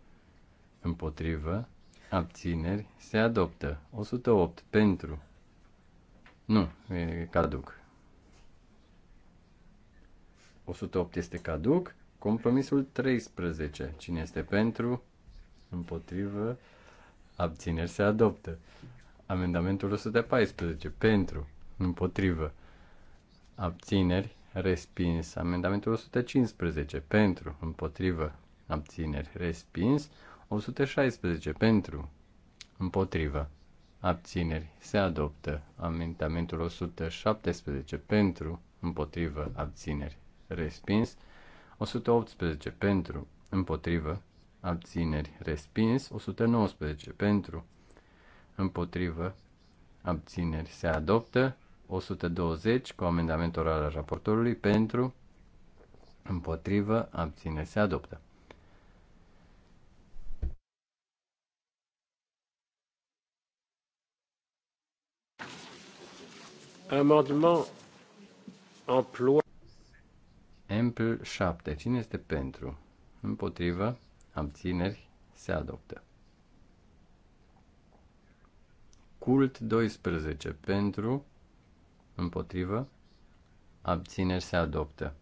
împotrivă, abțineri, se adoptă. 108 pentru, nu, e caduc. 108 este caduc. Compromisul 13. Cine este pentru? Împotrivă. Abțineri se adoptă. Amendamentul 114. Pentru. Împotrivă. Abțineri. Respins. Amendamentul 115. Pentru. Împotrivă. Abțineri. Respins. 116. Pentru. Împotrivă. Abțineri. Se adoptă. Amendamentul 117. Pentru. Împotrivă. Abțineri respins, 118 pentru, împotrivă, abțineri, respins, 119 pentru, împotrivă, abțineri, se adoptă, 120 cu amendament oral al raportorului pentru, împotrivă, abțineri, se adoptă. Amendement emploi Ample 7. Cine este pentru? Împotrivă. Abțineri. Se adoptă. Cult 12. Pentru. Împotrivă. Abțineri. Se adoptă.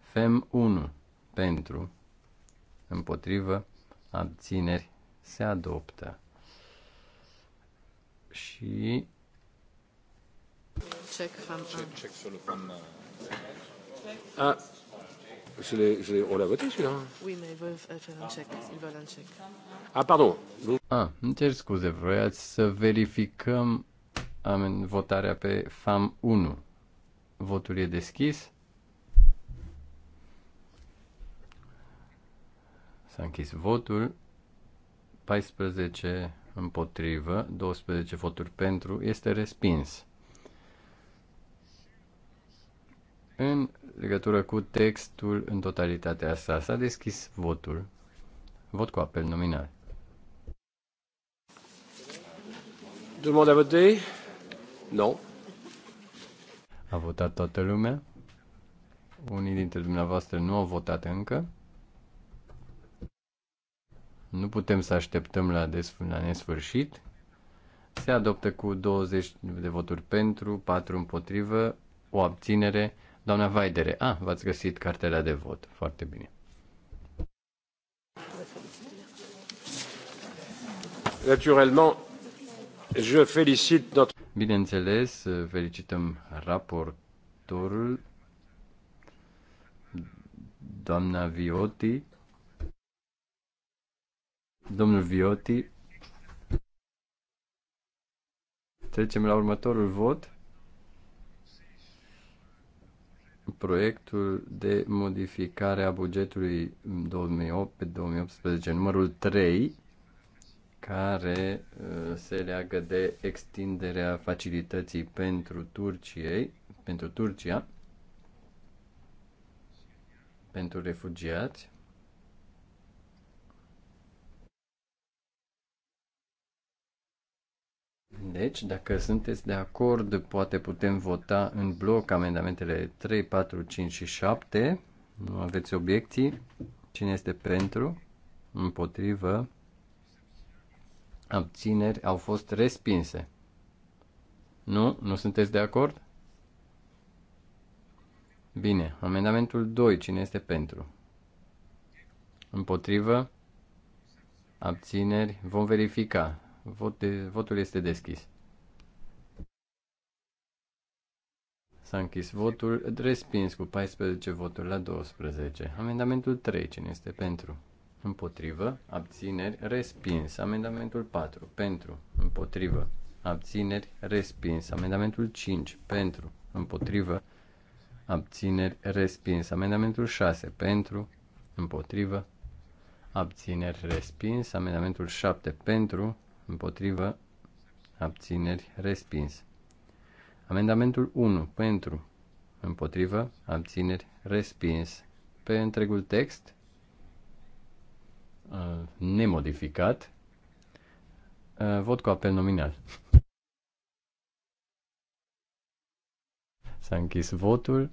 Fem 1. Pentru. Împotrivă. Abțineri. Se adoptă. Și... Check, check, check solo check. Ah je l'ai, je l'ai, on l'a voté celui-là Oui, mais ils veulent euh, faire un check. Ils veulent un check. Ah, pardon. Vous... Ah, îmi cer scuze, vroiați să verificăm am votarea pe FAM 1. Votul e deschis. S-a închis votul. 14 împotrivă, 12 voturi pentru, este respins. În legătură cu textul în totalitatea sa. S-a deschis votul. Vot cu apel nominal. Demande le monde a voté Non. A votat toată lumea? Unii dintre dumneavoastră nu au votat încă. Nu putem să așteptăm la, desf- la nesfârșit. Se adoptă cu 20 de voturi pentru, 4 împotrivă, o abținere Doamna Vaidere, a, ah, v-ați găsit cartela de vot. Foarte bine. Naturellement, je félicite notre... Bineînțeles, felicităm raportorul, doamna Vioti, domnul Vioti. Trecem la următorul vot. proiectul de modificare a bugetului 2008-2018, numărul 3, care uh, se leagă de extinderea facilității pentru Turciei, pentru Turcia, pentru refugiați. Deci, dacă sunteți de acord, poate putem vota în bloc amendamentele 3, 4, 5 și 7. Nu aveți obiecții? Cine este pentru? Împotrivă? Abțineri au fost respinse. Nu? Nu sunteți de acord? Bine. Amendamentul 2. Cine este pentru? Împotrivă? Abțineri? Vom verifica. Vot de, votul este deschis. S-a închis votul, respins cu 14 voturi la 12. Amendamentul 3, cine este pentru? Împotrivă, abțineri, respins. Amendamentul 4, pentru, împotrivă, abțineri, respins. Amendamentul 5, pentru, împotrivă, abțineri, respins. Amendamentul 6, pentru, împotrivă, abțineri, respins. Amendamentul 7, pentru, împotrivă, abțineri, respins. Amendamentul 1 pentru, împotrivă, abțineri, respins. Pe întregul text, nemodificat, vot cu apel nominal. S-a închis votul.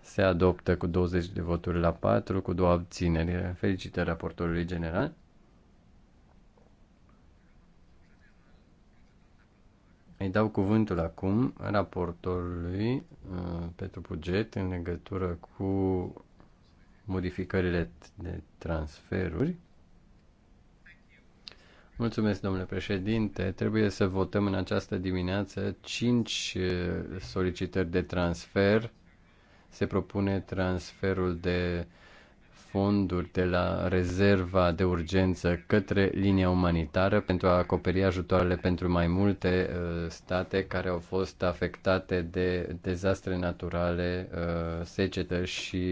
Se adoptă cu 20 de voturi la 4, cu două abțineri. Felicitări raportorului general. Îi dau cuvântul acum raportorului uh, pentru buget în legătură cu modificările de transferuri. Mulțumesc, domnule președinte. Trebuie să votăm în această dimineață 5 uh, solicitări de transfer. Se propune transferul de fonduri de la rezerva de urgență către linia umanitară pentru a acoperi ajutoarele pentru mai multe uh, state care au fost afectate de dezastre naturale, uh, secetă și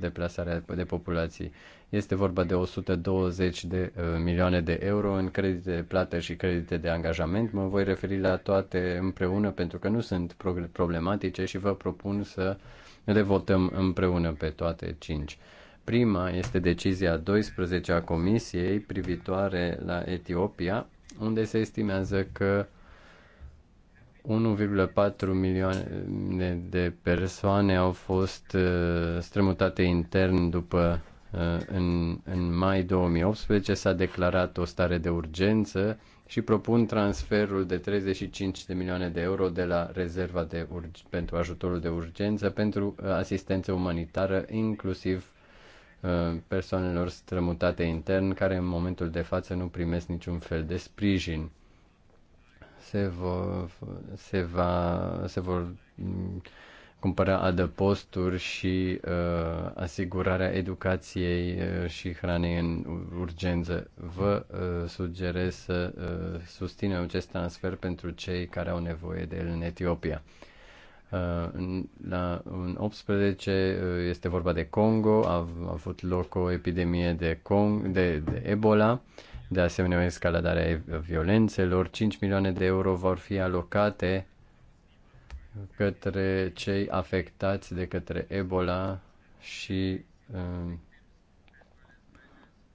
deplasarea de populații. Este vorba de 120 de uh, milioane de euro în credite de plată și credite de angajament. Mă voi referi la toate împreună pentru că nu sunt problematice și vă propun să le votăm împreună pe toate cinci. Prima este decizia 12 a Comisiei privitoare la Etiopia, unde se estimează că 1,4 milioane de persoane au fost uh, strămutate intern după uh, în, în mai 2018 s-a declarat o stare de urgență și propun transferul de 35 de milioane de euro de la rezerva de urg- pentru ajutorul de urgență pentru uh, asistență umanitară, inclusiv Uh, persoanelor strămutate intern care în momentul de față nu primesc niciun fel de sprijin. Se, vo, se, va, se vor cumpăra adăposturi și uh, asigurarea educației uh, și hranei în urgență. Vă uh, sugerez să uh, susținem acest transfer pentru cei care au nevoie de el în Etiopia. Uh, la, în 18 uh, este vorba de Congo, a, a avut loc o epidemie de, Cong, de, de Ebola, de asemenea o escaladare a violențelor. 5 milioane de euro vor fi alocate către cei afectați de către Ebola și um,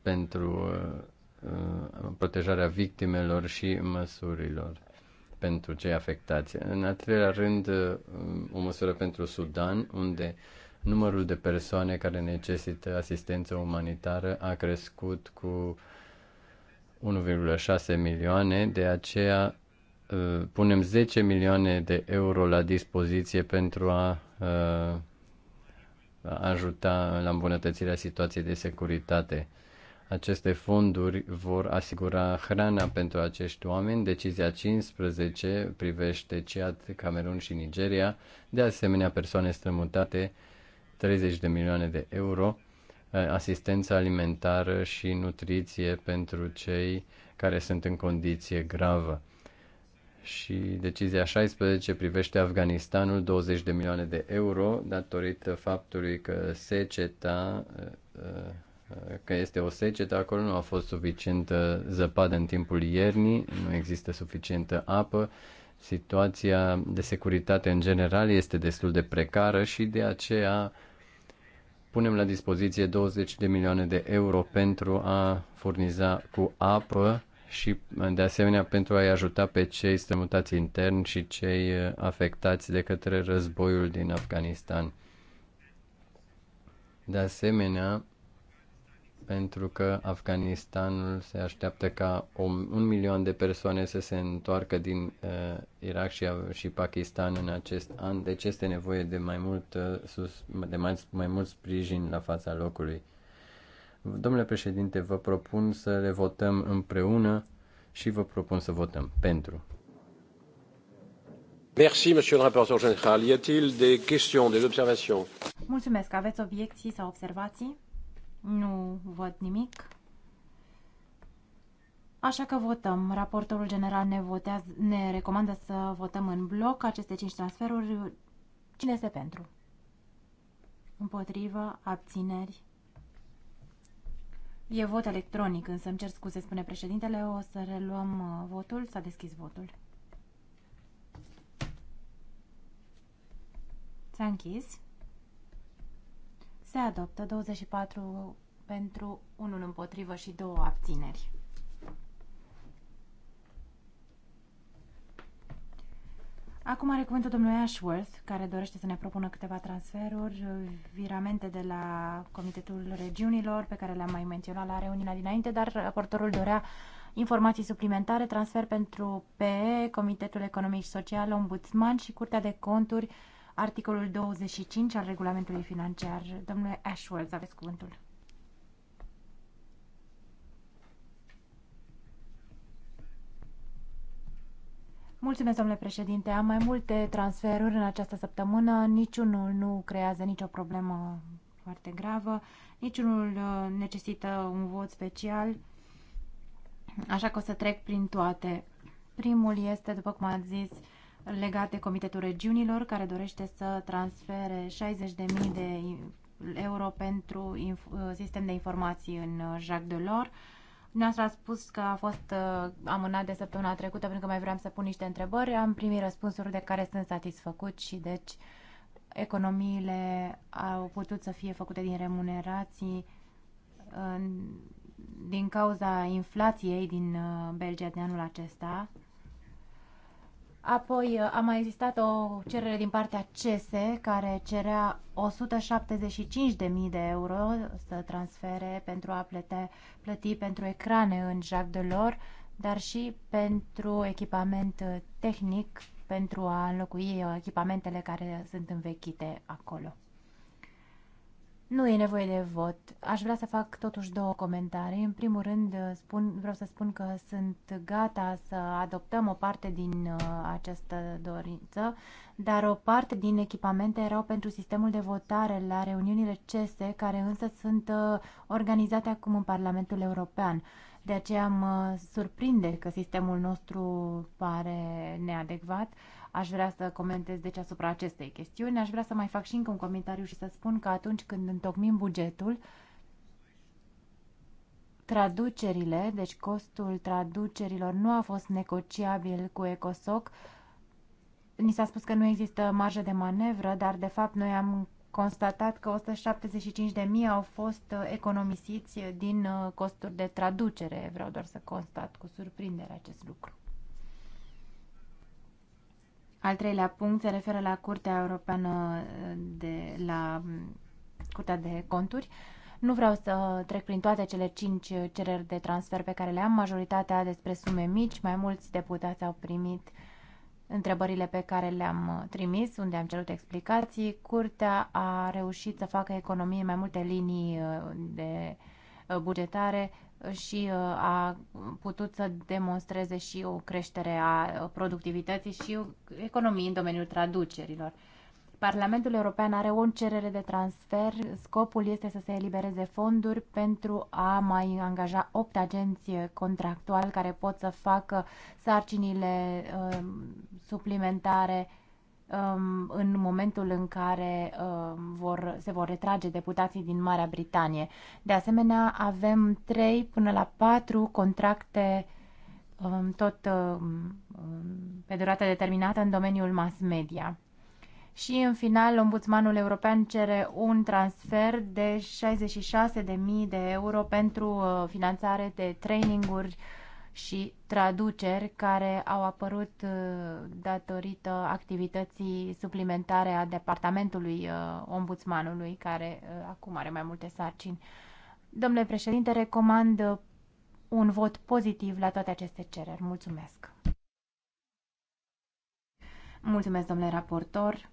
pentru uh, uh, protejarea victimelor și măsurilor pentru cei afectați. În al treilea rând, um, o măsură pentru Sudan, unde numărul de persoane care necesită asistență umanitară a crescut cu 1,6 milioane, de aceea uh, punem 10 milioane de euro la dispoziție pentru a, uh, a ajuta la îmbunătățirea situației de securitate aceste fonduri vor asigura hrana pentru acești oameni. Decizia 15 privește Ciad, Camerun și Nigeria. De asemenea, persoane strămutate, 30 de milioane de euro, eh, asistență alimentară și nutriție pentru cei care sunt în condiție gravă. Și decizia 16 privește Afganistanul, 20 de milioane de euro, datorită faptului că seceta eh, eh, că este o secetă, acolo nu a fost suficientă zăpadă în timpul iernii, nu există suficientă apă, situația de securitate în general este destul de precară și de aceea punem la dispoziție 20 de milioane de euro pentru a furniza cu apă și de asemenea pentru a-i ajuta pe cei strămutați intern și cei uh, afectați de către războiul din Afganistan. De asemenea, pentru că Afganistanul se așteaptă ca o, un milion de persoane să se întoarcă din uh, Irak și, uh, și Pakistan în acest an, deci este nevoie de mai mult, uh, sus, de mai, mai mult sprijin la fața locului. Domnule președinte, vă propun să le votăm împreună și vă propun să votăm pentru. Merci, monsieur le rapporteur général. Y a-t-il des questions, des observations
Mulțumesc. Aveți obiecții sau observații? Nu văd nimic. Așa că votăm. Raportorul general ne, votează, ne recomandă să votăm în bloc aceste 5 transferuri. Cine este pentru? Împotrivă, abțineri. E vot electronic, însă îmi cer scuze, spune președintele. O să reluăm uh, votul. S-a deschis votul. S-a închis. Se adoptă 24 pentru, 1 împotrivă și 2 abțineri. Acum are cuvântul domnului Ashworth, care dorește să ne propună câteva transferuri, viramente de la Comitetul Regiunilor, pe care le-am mai menționat la reuniunea dinainte, dar raportorul dorea informații suplimentare, transfer pentru PE, Comitetul Economic și Social, Ombudsman și Curtea de Conturi articolul 25 al regulamentului financiar. Domnule Ashworth, aveți cuvântul. Mulțumesc, domnule președinte. Am mai multe transferuri în această săptămână. Niciunul nu creează nicio problemă foarte gravă. Niciunul uh, necesită un vot special. Așa că o să trec prin toate. Primul este, după cum am zis, legat de Comitetul Regiunilor, care dorește să transfere 60.000 de euro pentru sistem de informații în uh, Jacques Delors. Noastră a spus că a fost uh, amânat de săptămâna trecută pentru că mai vreau să pun niște întrebări. Am primit răspunsuri de care sunt satisfăcut și deci economiile au putut să fie făcute din remunerații uh, din cauza inflației din Belgia de anul acesta Apoi uh, a mai existat o cerere din partea CESE care cerea 175.000 de euro să transfere pentru a plăte, plăti pentru ecrane în Jacques Delors, dar și pentru echipament uh, tehnic pentru a înlocui uh, echipamentele care sunt învechite acolo. Nu e nevoie de vot. Aș vrea să fac totuși două comentarii. În primul rând, spun, vreau să spun că sunt gata să adoptăm o parte din uh, această dorință, dar o parte din echipamente erau pentru sistemul de votare la reuniunile CESE, care însă sunt uh, organizate acum în Parlamentul European. De aceea mă surprinde că sistemul nostru pare neadecvat. Uh, Aș vrea să comentez deci asupra acestei chestiuni. Aș vrea să mai fac și încă un comentariu și să spun că atunci când întocmim bugetul, traducerile, deci costul traducerilor nu a fost negociabil cu ECOSOC. Ni s-a spus că nu există marjă de manevră, dar de fapt noi am constatat că 175.000 au fost uh, economisiți din uh, costuri de traducere. Vreau doar să constat cu surprindere acest lucru. Al treilea punct se referă la Curtea Europeană uh, de la mm, Curtea de Conturi. Nu vreau să trec prin toate cele cinci uh, cereri de transfer pe care le am, majoritatea despre sume mici, mai mulți deputați au primit întrebările pe care le-am uh, trimis, unde am cerut explicații. Curtea a reușit să facă economie mai multe linii de bugetare, și uh, a putut să demonstreze și o creștere a productivității și economii în domeniul traducerilor. Parlamentul European are o cerere de transfer. Scopul este să se elibereze fonduri pentru a mai angaja opt agenții contractuali care pot să facă sarcinile uh, suplimentare Um, în momentul în care um, vor, se vor retrage deputații din Marea Britanie. De asemenea, avem 3 până la 4 contracte um, tot pe durată determinată în domeniul mass media. Și în final, ombudsmanul european cere un transfer de 66.000 de euro pentru uh, finanțare de traininguri și traduceri care au apărut uh, datorită activității suplimentare a departamentului uh, ombudsmanului, care uh, acum are mai multe sarcini. Domnule președinte, recomand un vot pozitiv la toate aceste cereri. Mulțumesc! Mulțumesc, domnule raportor!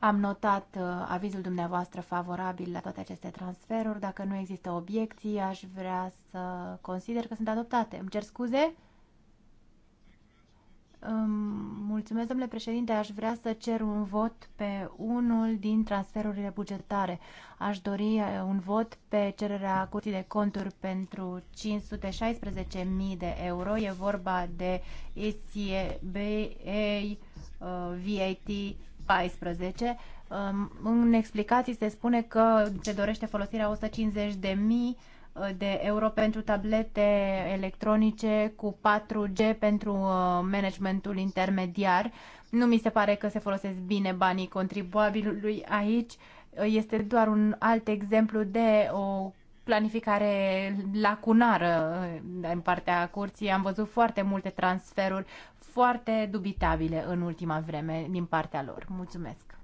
Am notat uh, avizul dumneavoastră favorabil la toate aceste transferuri. Dacă nu există obiecții, aș vrea să consider că sunt adoptate. Îmi cer scuze? Mulțumesc, domnule președinte. Aș vrea să cer un vot pe unul din transferurile bugetare. Aș dori uh, un vot pe cererea Curții de Conturi pentru 516.000 de euro. E vorba de ECBA, uh, VAT 2014. Um, în explicații se spune că se dorește folosirea 150.000 de uh, de euro pentru tablete electronice cu 4G pentru uh, managementul intermediar. Nu mi se pare că se folosesc bine banii contribuabilului aici. Uh, este doar un alt exemplu de o planificare lacunară în partea curții. Am văzut foarte multe transferuri foarte dubitabile în ultima vreme din partea lor. Mulțumesc!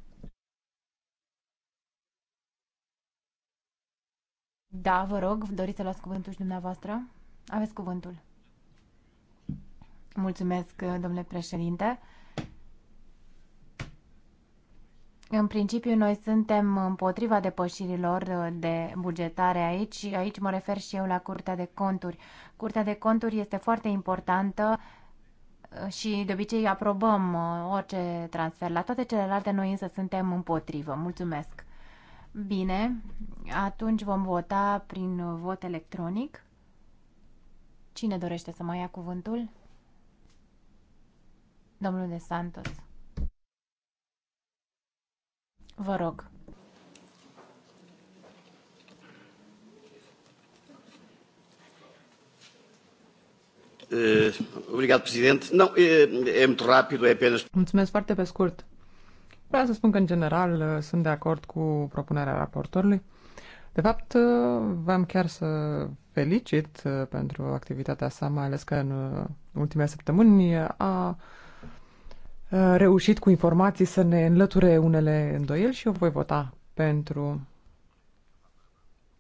Da, vă rog, doriți să luați cuvântul și dumneavoastră? Aveți cuvântul. Mulțumesc, domnule președinte. În principiu, noi suntem împotriva depășirilor de bugetare aici. Aici mă refer și eu la Curtea de Conturi. Curtea de Conturi este foarte importantă și de obicei aprobăm uh, orice transfer. La toate celelalte noi însă suntem împotrivă. Mulțumesc! Bine, atunci vom vota prin vot electronic. Cine dorește să mai ia cuvântul? Domnul de Santos. Vă rog.
Eh, obrigado, Presidente. Não, é, é muito rápido, é apenas...
Mulțumesc foarte pe scurt. Vreau să spun că, în general, eh, sunt de acord cu propunerea raportorului. De fapt, eh, v-am chiar să felicit pentru activitatea sa, mai ales că în ultimele săptămâni a reușit cu informații să ne înlăture unele îndoieli și eu voi vota pentru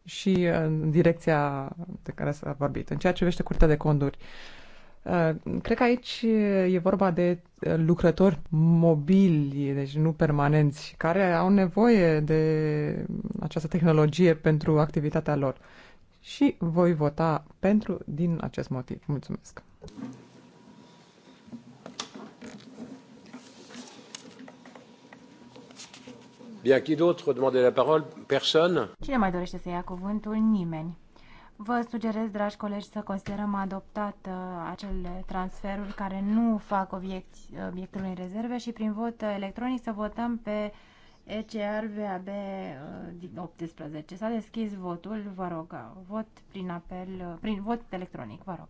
și în direcția de care s-a vorbit. În ceea ce vește Curtea de Conduri, uh, Uh, cred că aici e vorba de uh, lucrători mobili, deci nu permanenți, care au nevoie de această tehnologie pentru activitatea lor. Și voi vota pentru din acest motiv.
Mulțumesc! Bien, qui d'autre demandait la parole Personne
Cine mai dorește să ia cuvântul? Nimeni. Vă sugerez, dragi colegi, să considerăm adoptat uh, acele transferuri care nu fac obiect, obiectul în rezerve și prin vot electronic să votăm pe ECR VAB uh, 18. S-a deschis votul, vă rog, uh, vot prin apel, uh, prin vot electronic, vă rog.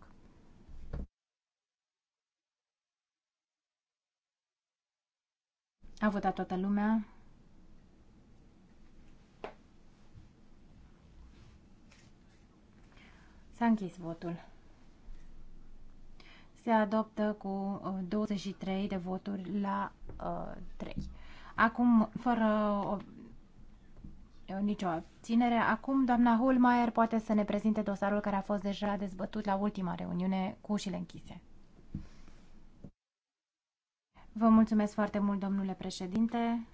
A votat toată lumea. S-a închis votul. Se adoptă cu 23 uh, de voturi la uh, 3. Acum, fără o, uh, nicio abținere, acum doamna Hulmaier poate să ne prezinte dosarul care a fost deja dezbătut la ultima reuniune cu ușile închise. Vă mulțumesc foarte mult, domnule președinte.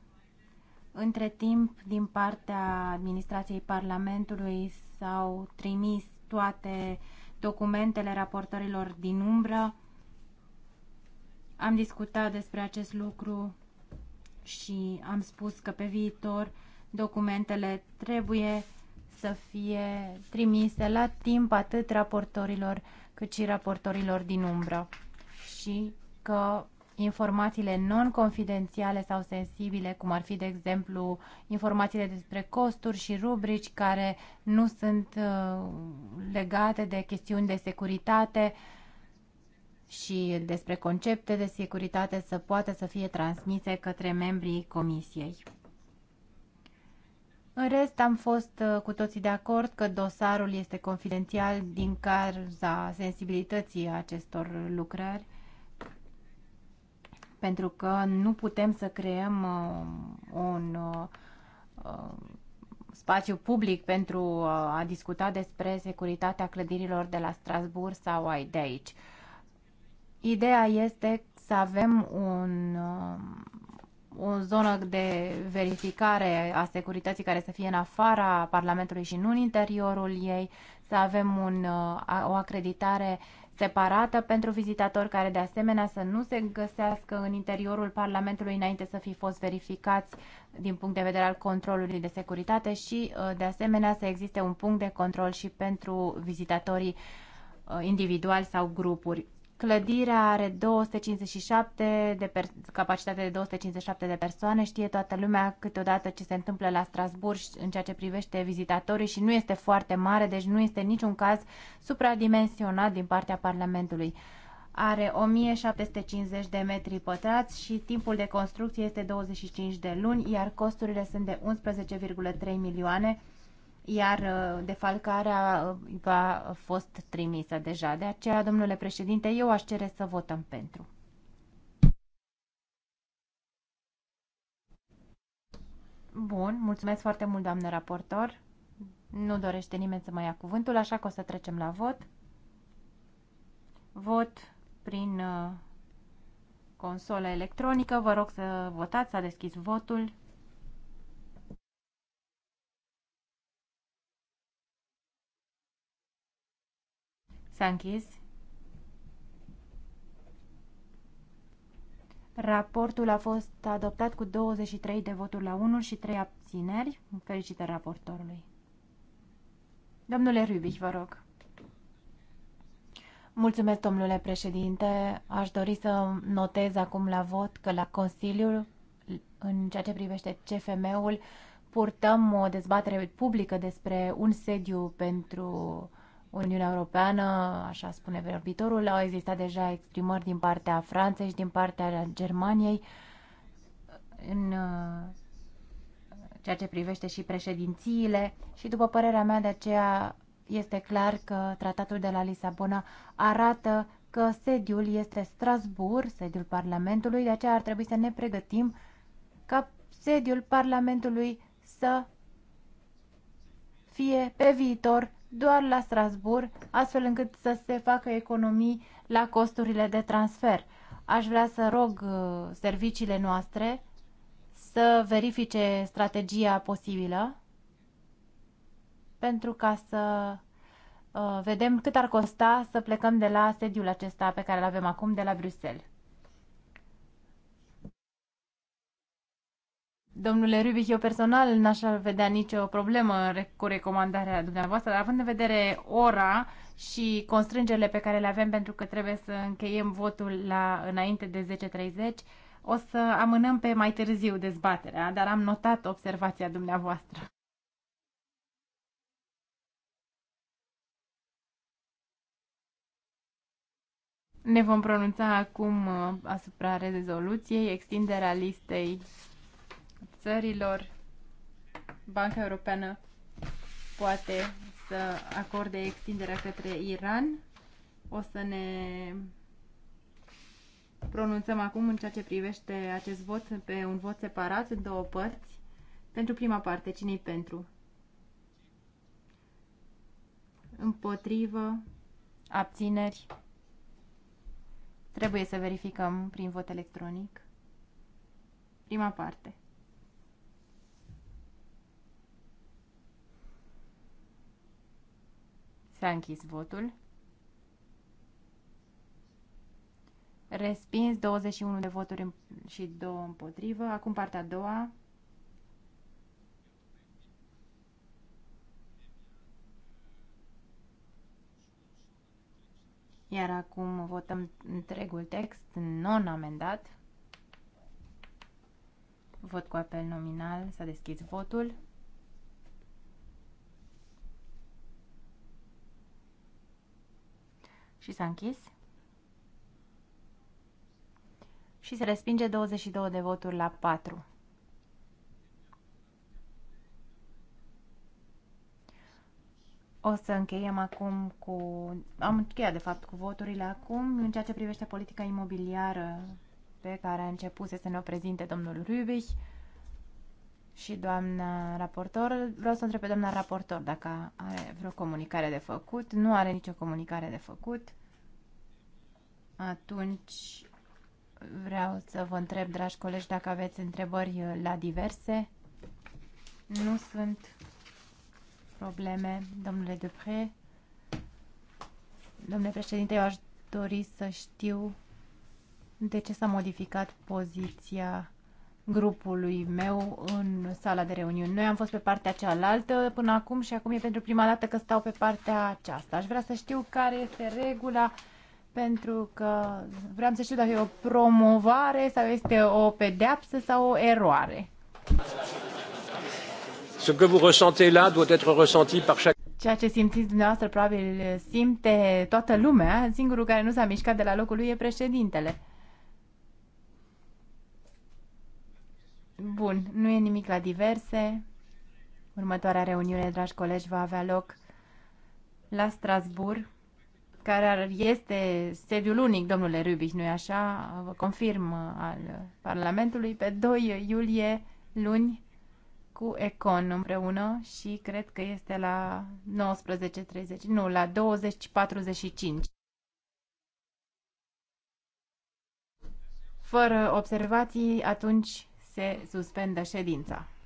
Între timp, din partea administrației Parlamentului s-au trimis toate documentele raportărilor din umbră. Am discutat despre acest lucru și am spus că pe viitor documentele trebuie să fie trimise la timp atât raportorilor cât și raportorilor din umbră și că informațiile non-confidențiale sau sensibile, cum ar fi, de exemplu, informațiile despre costuri și rubrici care nu sunt uh, legate de chestiuni de securitate și despre concepte de securitate să poată să fie transmise către membrii comisiei. În rest, am fost uh, cu toții de acord că dosarul este confidențial din cauza sensibilității acestor lucrări pentru că nu putem să creăm uh, un uh, uh, spațiu public pentru uh, a discuta despre securitatea clădirilor de la Strasbourg sau ai de aici. Ideea este să avem un, uh, o zonă de verificare a securității care să fie în afara Parlamentului și nu în interiorul ei, să avem un, uh, o acreditare separată pentru vizitatori care de asemenea să nu se găsească în interiorul Parlamentului înainte să fi fost verificați din punct de vedere al controlului de securitate și uh, de asemenea să existe un punct de control și pentru vizitatorii uh, individuali sau grupuri. Clădirea are 257 de per- capacitate de 257 de persoane. Știe toată lumea câteodată ce se întâmplă la Strasburg în ceea ce privește vizitatorii și nu este foarte mare, deci nu este niciun caz supradimensionat din partea Parlamentului. Are 1750 de metri pătrați și timpul de construcție este 25 de luni, iar costurile sunt de 11,3 milioane iar uh, defalcarea uh, va fost trimisă deja. De aceea, domnule președinte, eu aș cere să votăm pentru. Bun, mulțumesc foarte mult, doamnă raportor. Nu dorește nimeni să mai ia cuvântul, așa că o să trecem la vot. Vot prin uh, consola electronică. Vă rog să votați, s-a deschis votul. S-a închis. Raportul a fost adoptat cu 23 de voturi la 1 și 3 abțineri. Felicitări raportorului. Domnule Rubich, vă rog. Mulțumesc, domnule președinte. Aș dori să notez acum la vot că la Consiliul, în ceea ce privește CFM-ul, purtăm o dezbatere publică despre un sediu pentru Uniunea Europeană, așa spune vorbitorul, au existat deja exprimări din partea Franței și din partea Germaniei în ceea ce privește și președințiile și după părerea mea de aceea este clar că tratatul de la Lisabona arată că sediul este Strasbourg, sediul Parlamentului, de aceea ar trebui să ne pregătim ca sediul Parlamentului să fie pe viitor doar la Strasbourg, astfel încât să se facă economii la costurile de transfer. Aș vrea să rog uh, serviciile noastre să verifice strategia posibilă pentru ca să uh, vedem cât ar costa să plecăm de la sediul acesta pe care îl avem acum de la Bruxelles. Domnule Rubic, eu personal n-aș vedea nicio problemă cu recomandarea dumneavoastră, dar având în vedere ora și constrângerile pe care le avem pentru că trebuie să încheiem votul la înainte de 10.30, o să amânăm pe mai târziu dezbaterea, dar am notat observația dumneavoastră. Ne vom pronunța acum uh, asupra rezoluției, extinderea listei țărilor, Banca Europeană poate să acorde extinderea către Iran. O să ne pronunțăm acum în ceea ce privește acest vot pe un vot separat în două părți. Pentru prima parte, cine-i pentru? Împotrivă? Abțineri? Trebuie să verificăm prin vot electronic. Prima parte. S-a închis votul. Respins 21 de voturi și 2 împotrivă. Acum partea a doua. Iar acum votăm întregul text non-amendat. Vot cu apel nominal. S-a deschis votul. Și s-a închis. Și se respinge 22 de voturi la 4. O să încheiem acum cu... Am încheiat, de fapt, cu voturile acum. În ceea ce privește politica imobiliară pe care a început să ne o prezinte domnul Rübich și doamna raportor, vreau să întreb pe doamna raportor dacă are vreo comunicare de făcut. Nu are nicio comunicare de făcut. Atunci vreau să vă întreb, dragi colegi, dacă aveți întrebări uh, la diverse. Nu sunt probleme, domnule Dupre. Domnule președinte, eu aș dori să știu de ce s-a modificat poziția grupului meu în sala de reuniuni. Noi am fost pe partea cealaltă până acum și acum e pentru prima dată că stau pe partea aceasta. Aș vrea să știu care este regula pentru că vreau să știu dacă e o promovare sau este o pedeapsă sau o eroare. Ce que vous ressentez là doit être ressenti par chaque Ceea ce simțiți dumneavoastră probabil simte toată lumea, singurul care nu s-a mișcat de la locul lui e președintele. Bun, nu e nimic la diverse. Următoarea reuniune, dragi colegi, va avea loc la Strasbourg care este sediul unic, domnule Rubic, nu-i așa? Vă confirm uh, al Parlamentului pe 2 iulie, luni, cu Econ împreună și cred că este la 19.30, nu, la 20.45. Fără observații, atunci se suspendă ședința.